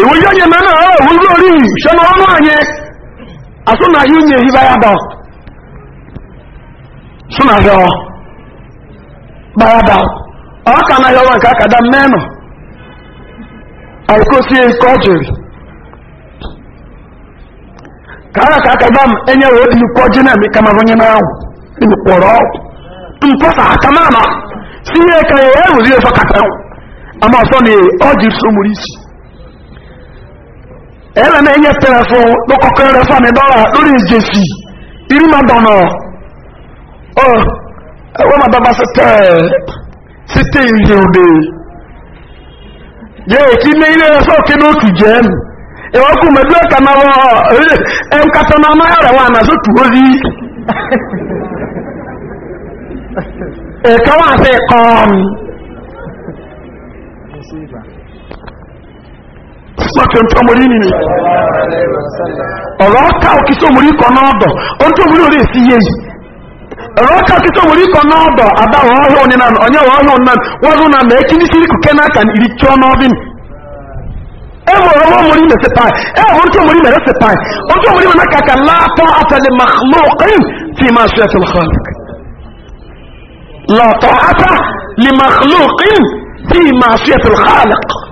Speaker 1: ìwé jẹ́jẹ́ mẹ́rin ọ̀rọ̀ òun lórí ìṣẹ́nu ọmọ àyẹ àsúnà yìí ní èyí báyá bá súnà yọ báyá bá ọkà náà yọ wọn kà kàdá mẹ́nu àìkó sí ikọ́ jèrè kàrà kà kàdá ẹnyẹ wo ẹni kọ́ jẹ́ náà mi kà máa wọnyẹ náà pọ̀rọ̀ sí ẹ̀ka ẹ̀fọ́ kàtà àmọ́ ni sí ẹ̀rẹ̀ náà yẹ pẹ̀rẹ̀ fún lókọ̀kọ́ rẹ̀ fún àmì lórí ìjẹsì irú máa dọ̀nà ọ ẹwọ́n máa dábàá sẹ́tẹ̀ sẹ́tẹ̀ ìyẹ̀ òde yẹ èkí ní ilé rẹ̀ sọ kí ní ó tù kú náà wà náà ó sọ́kè ntọ́mọ̀rí nìyí ọ̀rọ̀ ọ̀ka òkìtọ́mọ̀rí kọ n'ọ̀dọ̀ ọ̀ntọ́mọ̀rí òde èsì yé yìí ọ̀rọ̀ ọ̀ka òkìtọ́mọ̀rí kọ n'ọ̀dọ̀ àdá ọ̀hún ọ̀hún nínú ọ̀nyẹ́ ọ̀hún nínú wọ́n lù náà mẹ́ẹ̀kí ní sírí kùkẹ́ náà kàn ìrì tíọ́ n'ọ́bìn ẹ̀wọ̀n ọ̀rọ̀ mọ̀rí mẹ́sẹ̀ páì ẹ̀wọ̀n ntọ́mọ̀rí mẹ́sẹ̀ páì ọ̀ntọ́mọ̀rí mẹ́sẹ̀ kàkà látọ̀ àtàlẹ̀ màkàlọ́ọ̀kìn tí ma ṣe ẹ̀sẹ̀ lọ́kọ̀ọ́lẹ̀ látọ̀ àtà lè màkàlọ́ọ̀kìn tí ma ṣe ẹ̀sẹ̀ lọ́kọ̀ọ́lẹ̀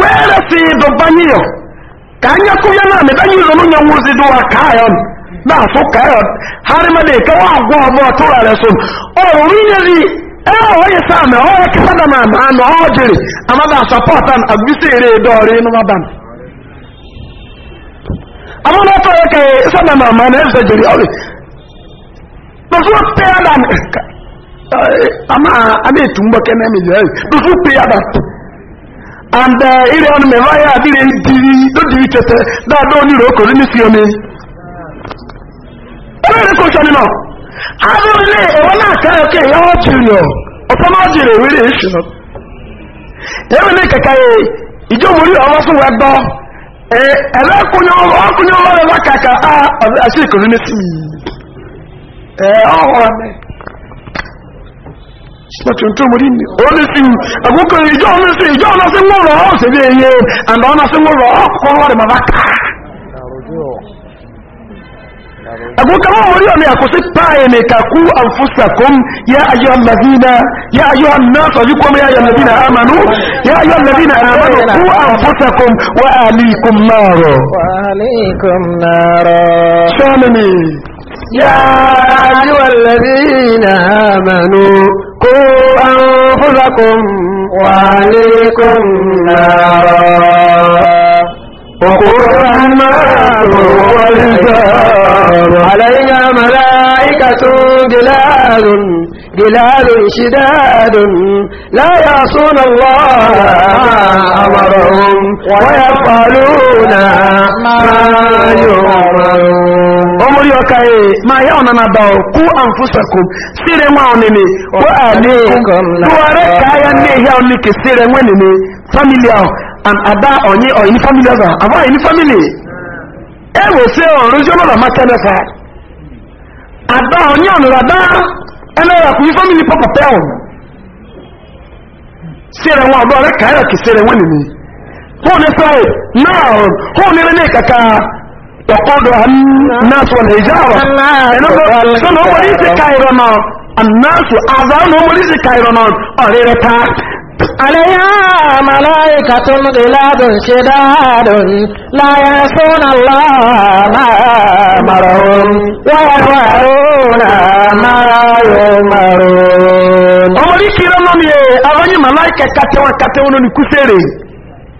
Speaker 1: were si dobanyiyo ka anya kubya nane danyiro n'unyanguzi duwa ah, kayon nafu kayon hari madeka wagwa wabwa tulare sun oro oh, winyezi ewa eh, oh, waye same oye oh, kisada mama ano ah, ojiri amada supportan agwisire ah, eh, dori inu madan amma na to yake sada mama na eh, yasa jiri ori and ire ọnụ mẹwa ya adịrị dịrị tete dáadọ onírò okòrò ní sí omi ẹgbẹ́rẹ́ kò sọ nínú adúrúlé ẹ̀wọ́n náà káyọ̀ kí ẹ̀yọ́ ọ̀tí yọ ọ̀tọ́ náà jìrì ìwérí ìṣúná ẹ̀wọ́n ní kẹ̀kẹ́ yìí ìjọ mórí ọwọ́ fún wa gbọ́ ẹ̀rẹ́ kúnyọ́ ọkùnyọ́ ọlọ́rẹ̀ sọtúntún mo rí ni ó lè fi àkókò ìjọ lè fi ìjọ lọ sí wọn lọ sí bí eye àná ọ̀nà sí wọn lọ kọ́ wọn rẹ̀ bàbá ká. àkókò wọn orí ọ̀nà àkóso páàyè ní kakú àfúsàkóm yá ayọ́ nàbínà yá ayọ́ nàfà yìí kọ́mọ yá ayọ́ nàbínà àmànú yá ayọ́ nàbínà àmànú kú àfúsàkóm wà àlíkùm náà rọ. wà
Speaker 2: àlíkùm náà rọ.
Speaker 1: sọ́ọ́nì ni. yá ayọ́ nàbínà àmànú.
Speaker 2: قوا أنفسكم وأهليكم نارا وقرها النار والحجار عليها ملائكة جلال جلال شداد
Speaker 1: لا يعصون الله أمرهم ويفعلون ما يؤمرون omori ọka ee ma ya ọ nana ba ku anfusakum sire nwa onene wa alaikum e. tuware ka ya nne ya onike sire nwa nene family ahụ and ada onye ọ ni family ọza aba ni family e wo se ọrun jo lọla mata na fa ada onye ọnụ ada ene ya ku family papa pe ọ sire nwa ọdọ re ka ya ki sire nwa nene ho ne sai now ho ne ne kaka وقودها الناس والحجارة سنو مريز كايرنا الناس أعظم مريز كايرنا أريرتا عليها ملائكة غلاد
Speaker 2: شداد لا يعصون الله ما أمرهم
Speaker 1: ويفعلون ما يؤمرون أمريكي رمضان أغني ملائكة كتوى كتوى نكسرين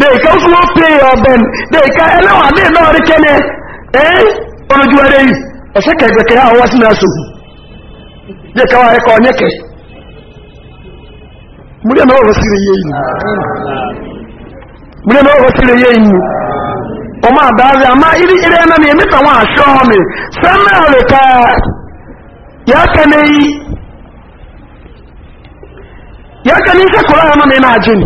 Speaker 1: they can also pay your ben they can ẹlẹ́ wà ní ìná ọdún kẹ́lẹ́ ẹ́ olójú ha yìí ẹ̀ṣẹ́ kẹ̀kẹ́ àwọn wá sí náà sùn jẹ́ káwà ẹ̀kọ́ ọ̀nyẹ́kẹ́ múlẹ̀ náà wọ́n sí rẹ̀ yé inú ọmọ na àmá irí irí ẹ̀nà ni èmi tàwọn àṣọ mi ni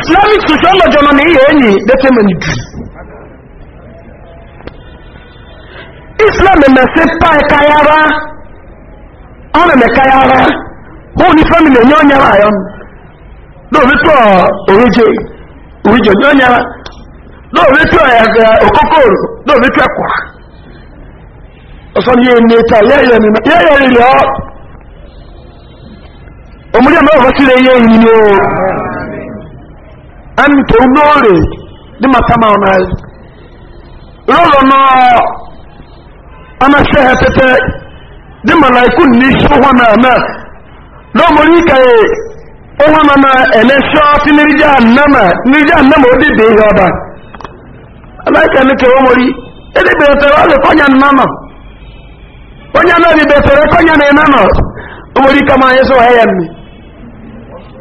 Speaker 1: islamic sociology nọ n'ihe enyi determined islam emesi pai kayara ọ na-eme kayara hụ ni family enye ọnyara ayọ lóòrí tó oríje oríje ní ọnyara ya tó okokoro lóòrí tó ẹkwa ọsọ ni yẹn ya ya ya ya ọ enyi ẹni tó ń lóòrè ní màtàmà ọ̀nà ẹ̀ lọ́rọ̀ náà ọmọ ṣe ẹ tẹ́tẹ́ ní màláìkú ní ṣọ́wọ́ náà náà lọ́mọrí na-eme ọmọ ẹ̀lẹ́ṣọ́ tí níríjà náà níríjà náà ó dìde ihe ọba aláìkà ní kẹwọ́ mọ̀rí ẹni kama mi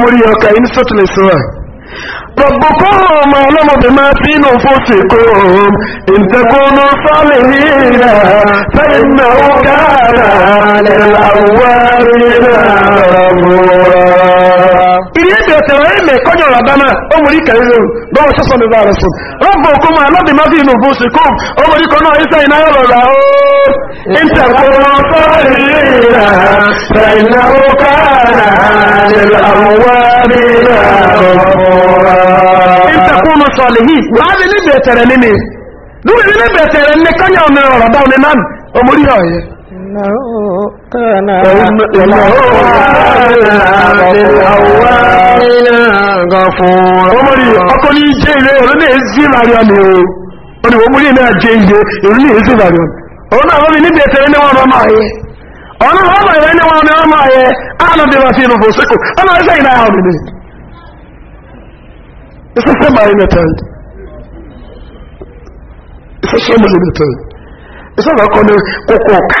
Speaker 1: muri ọkà yìí ní sọ́tún ìṣúra ربكم أعلم بما في نفوسكم إن تكونوا صالحين فإنه كان للأوابين غفورا ẹ̀tẹ̀rọ ẹ̀mẹ̀ kọjọ ràbámà ọmọdé kẹrìnrìn lọ́wọ́ sọ́sọ́ mi bá rẹ̀ sùn rọ́bù òkúmọ alọ́dìmáfì inú bú sí kó ọmọdé kan náà iṣẹ́ iná ọrụ. rà ó ìtẹ̀kùnrin fọ́ọ̀rì rírà ṣàìnà ó káàrà nílà wá rírà ọ̀pọ̀ra. ìtẹ̀kùnrin sọ̀lìhì láàbí níbi ẹ̀tẹ̀rẹ̀ nínú إنه كان إنه للأوابين غفورا أمري أقول إجيلي أولي إزي مريم أولي أمري إنا جيلي أولي إزي مريم أولي أولي نبي ترين وانا معي أولي أولي ترين وانا معي أعلم بما في نفوسكم أنا إزي لا يعمل إسا سمعي نتاج إسا سمعي نتاج ìsọ́nà kan ní kókó ọ̀kà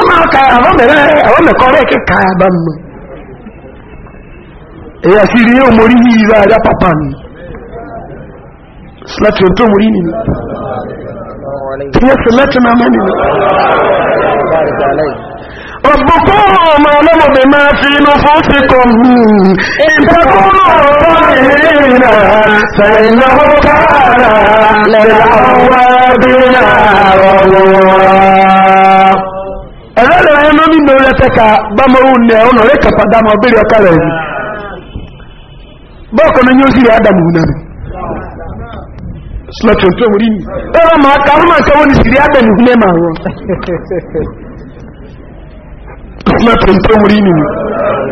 Speaker 1: ama ka àwọn mẹrẹ àwọn mẹkọ rẹ kí ká bá mi èyí àti ìrìn yóò mórí yìí ìrà àdá pàpà mi sílẹtì tó mórí nìyí tíyẹ sílẹtì máa mọ nìyí. ربكم أعلم بما في نفوسكم إن تكونوا ظالمين فإنه كان للأوابين غفورا nínú lẹ́tẹ́ka bámọ́rú nẹ ọ̀nà rẹ̀ kàpàdámọ̀ bèèrè ọkà rẹ̀ ni bọ́ọ̀kọ̀ ní yóò sí rẹ̀ adamu nẹ́rẹ̀ slọ́tọ̀ tó rí ni ó rọ arụ ká adamu ma rọ [laughs] slọ́tọ̀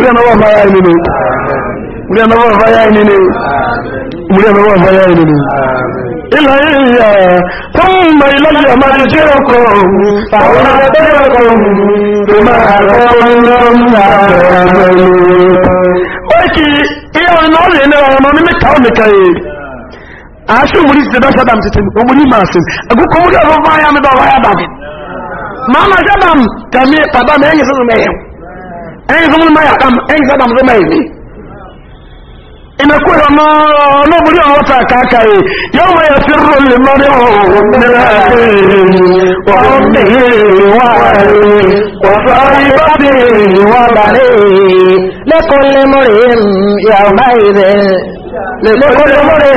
Speaker 1: murya na ba ya ne ne murya na ba ya ne ne murya na ba ya ne ne ilayya thumma ilayya marji'ukum fa unabbi'ukum bima kuntum ta'malun oki iyo no le ne ono ni mi tawo mi kai aṣe omori ti dẹ́dá sábà títí omori máa sin agúkọ omori ọ̀rọ̀ bá yá mi ẹ̀yìn sọmọ ní máyà kàm ẹ̀yìn sábà mọ́ sọmọ èdè ìmẹ̀kú ìrọ̀mọ́ olóbùrí ọ̀rọ̀ ta káàkiri yóò wọ́n yẹ fi rú lè mọ́rí ọ̀rọ̀
Speaker 2: nílẹ̀ ẹ̀rẹ́ لكل امرئ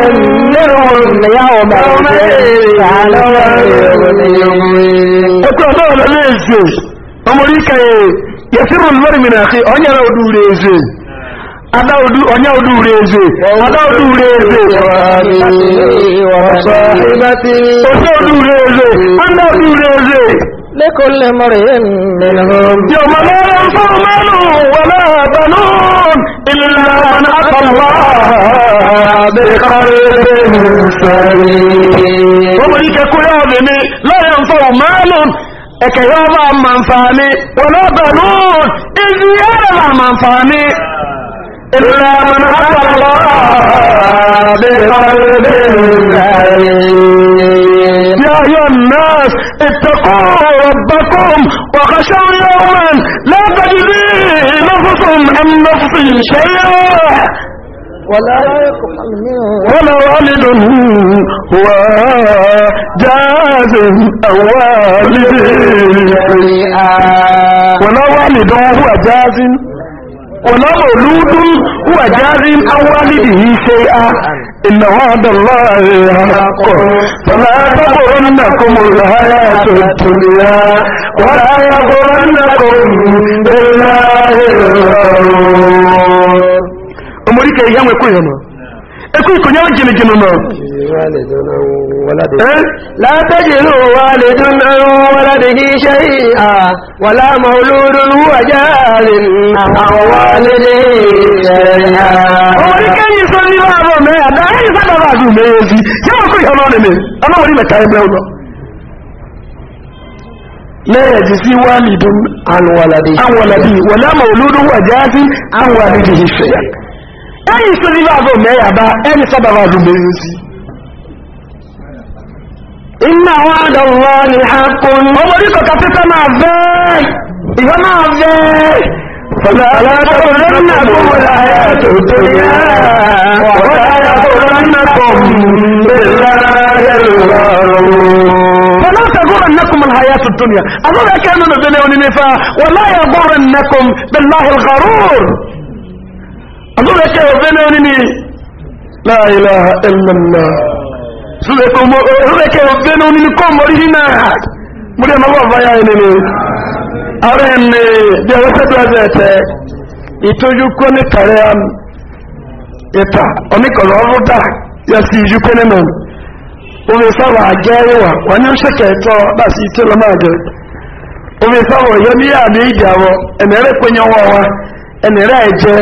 Speaker 2: منهم يوم
Speaker 1: الدين على وجهه يوم الدين. أقول هذا ليش؟ أمريكا yẹsìrò lórí mi náà kí ọ̀nyà ọdú rẹ̀ èzè ọ̀nyà ọdú rẹ̀ èzè ọ̀nyà ọdú rẹ̀ èzè ọ̀sẹ̀
Speaker 2: ọdú rẹ̀ èzè ọ̀nyà ọdú rẹ̀ èzè لكل مرء
Speaker 1: منهم يوم لا ينفع مال ولا بنون إلا من أتى الله بقلب سليم ومن يكون لا ينفع مال ẹ̀kẹ̀yọ́bà mọ̀nfàmí wọlọ́bẹ̀lún ìzí ẹ̀rẹ̀lá mọ̀nfàmí ìlànà àtàlọ́ يا أيها الناس اتقوا ربكم وخشوا يوما لا تجدي نفس عن نفس شيئا ولا يقبل منه ولا والد هو جاز أو والد ولا والد هو جاز ولا مولود هو جاز او والده شيئا إن وعد الله حق فلا تغرنكم الحياة الدنيا ولا يغرنكم بالله الغرور ẹ̀ yẹn wẹ̀kú yẹn náà ẹkú ìkòyẹ́ ó jìnà jìnà náà látẹ́jì ló wà lè dún ẹrùn wọ́lá dì ìhà wà láàmà olóòrùn wà jáàrin àwọn wà lè sí wà lè àwọn wà lè olóòrùn wà jáàrin àwọn wà lè any silver go may have any sabbath of إن وعد الله حق وبريك كفيت ما في إذا ما فلا لا تغرنكم الحياة الدنيا ولا يغرنكم بالله الغرور فلا تغرنكم الحياة الدنيا أظن كان من الدنيا ونفا ولا يغرنكم بالله الغرور azúrẹ́ kẹ́ ọ̀fẹ́ náà ní ní láàrílá ẹ̀lẹ́lá azúrẹ́ kẹ́ ọ̀fẹ́ náà ní ní kọ́ mọ̀rí ní náà múrí ẹ̀mọ́ wà báyá ẹni ni ara ẹni bí ọwọ́ sẹ́dọ̀ ẹ̀sẹ̀ ẹ̀sẹ̀ ìtọ́jú kọ́ ní kàrẹ́ àm ìta oníkọ̀lọ́ ọ̀rọ̀ dà yẹ sí ìjú kọ́ ní mọ̀ omi sáwà àjẹ́ ìwà wọ́n ní ṣẹ̀kẹ̀ ẹ̀tọ́ dà sí ìtẹ́ lọ́mọ àjẹ́ omi sáwà yẹ ní àmì ìjà wọ ẹ̀nẹ̀rẹ̀ pẹ́yẹ wọ́n wa ẹ̀nẹ̀rẹ̀ ẹ̀jẹ̀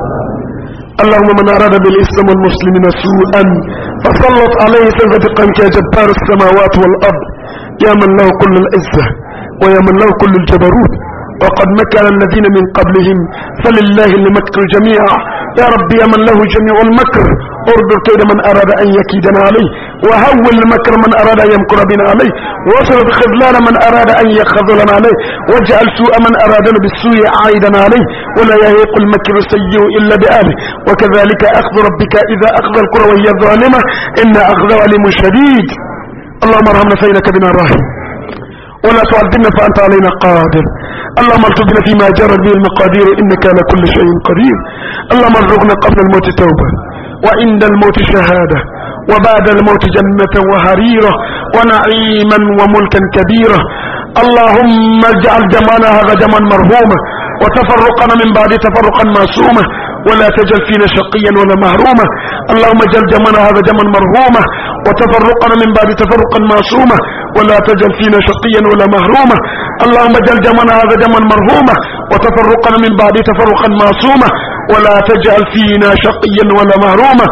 Speaker 1: اللهم من أراد بالإسلام والمسلمين سوءا فسلط عليه سلفتقا كجبار السماوات والأرض يا من له كل العزة ويا من له كل الجبروت وقد مكر الذين من قبلهم فلله المكر جميعا يا رب يا من له جميع المكر اردر كيد من أراد أن يكيدنا عليه وهول المكر من أراد أن يمكر بنا عليه واصرف خذلان من أراد أن يخذلنا عليه واجعل سوء من أرادنا بالسوء عائدا عليه ولا يهيق المكر السيء إلا باهله وكذلك أخذ ربك إذا أخذ القرى وهي ظالمة إن أخذ عليم شديد اللهم ارحمنا فإنك بنا راحم ولا تعذبنا فأنت علينا قادر اللهم ارزقنا فيما جرت به المقادير إنك على كل شيء قدير اللهم ارزقنا قبل الموت توبة وعند الموت شهادة وبعد الموت جنة وهريرة ونعيما وملكا كبيرا اللهم اجعل جمعنا هذا جمعا مرهوما وتفرقنا من بعد تفرقا معصومة ولا تجل فينا شقيا ولا مهروما اللهم اجعل جمعنا هذا جمعا مرهوما وتفرقنا من بعد تفرقا معصومة ولا تجل فينا شقيا ولا مهروما اللهم اجعل جمعنا هذا جمعا مرهوما وتفرقنا من بعد تفرقا معصومة ولا تجعل فينا شقيا ولا مهروما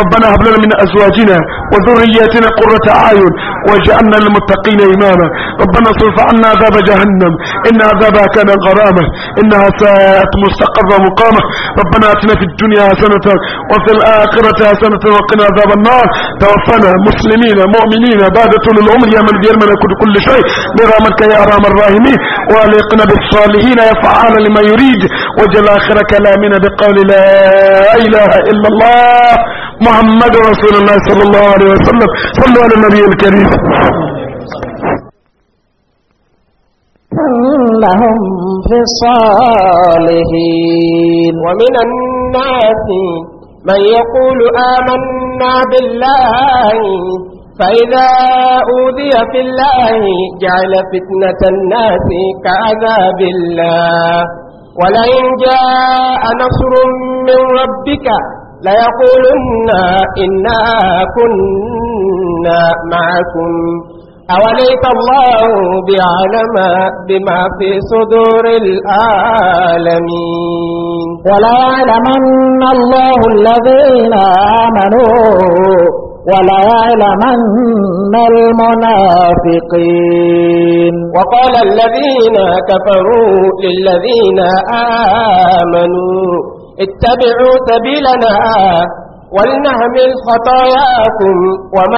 Speaker 1: ربنا هب لنا من أزواجنا وذرياتنا قرة أعين واجعلنا للمتقين إماما ربنا صرف عنا عذاب جهنم إن عذابها كان غرامة إنها ساءت مستقرة مقامة ربنا أتنا في الدنيا حسنة وفي الآخرة حسنة وقنا عذاب النار توفنا مسلمين مؤمنين بعد طول العمر يا من بيرمنا كل شيء برامك يا أرام الراهمين وألقنا بالصالحين يا فعال لما يريد وجل آخر كلامنا بقول لا إله إلا الله محمد رسول الله صلى الله عليه وسلم صلوا على النبي الكريم
Speaker 2: لهم في الصالحين ومن الناس من يقول آمنا بالله فإذا أوذي في الله جعل فتنة الناس كعذاب الله ولئن جاء نصر من ربك ليقولن إنا كنا معكم
Speaker 3: أوليس الله
Speaker 2: بعلم بما في صدور العالمين وليعلمن الله الذين آمنوا وليعلمن المنافقين وقال الذين كفروا للذين آمنوا اتبعوا سبيلنا ولنهمل خطاياكم وما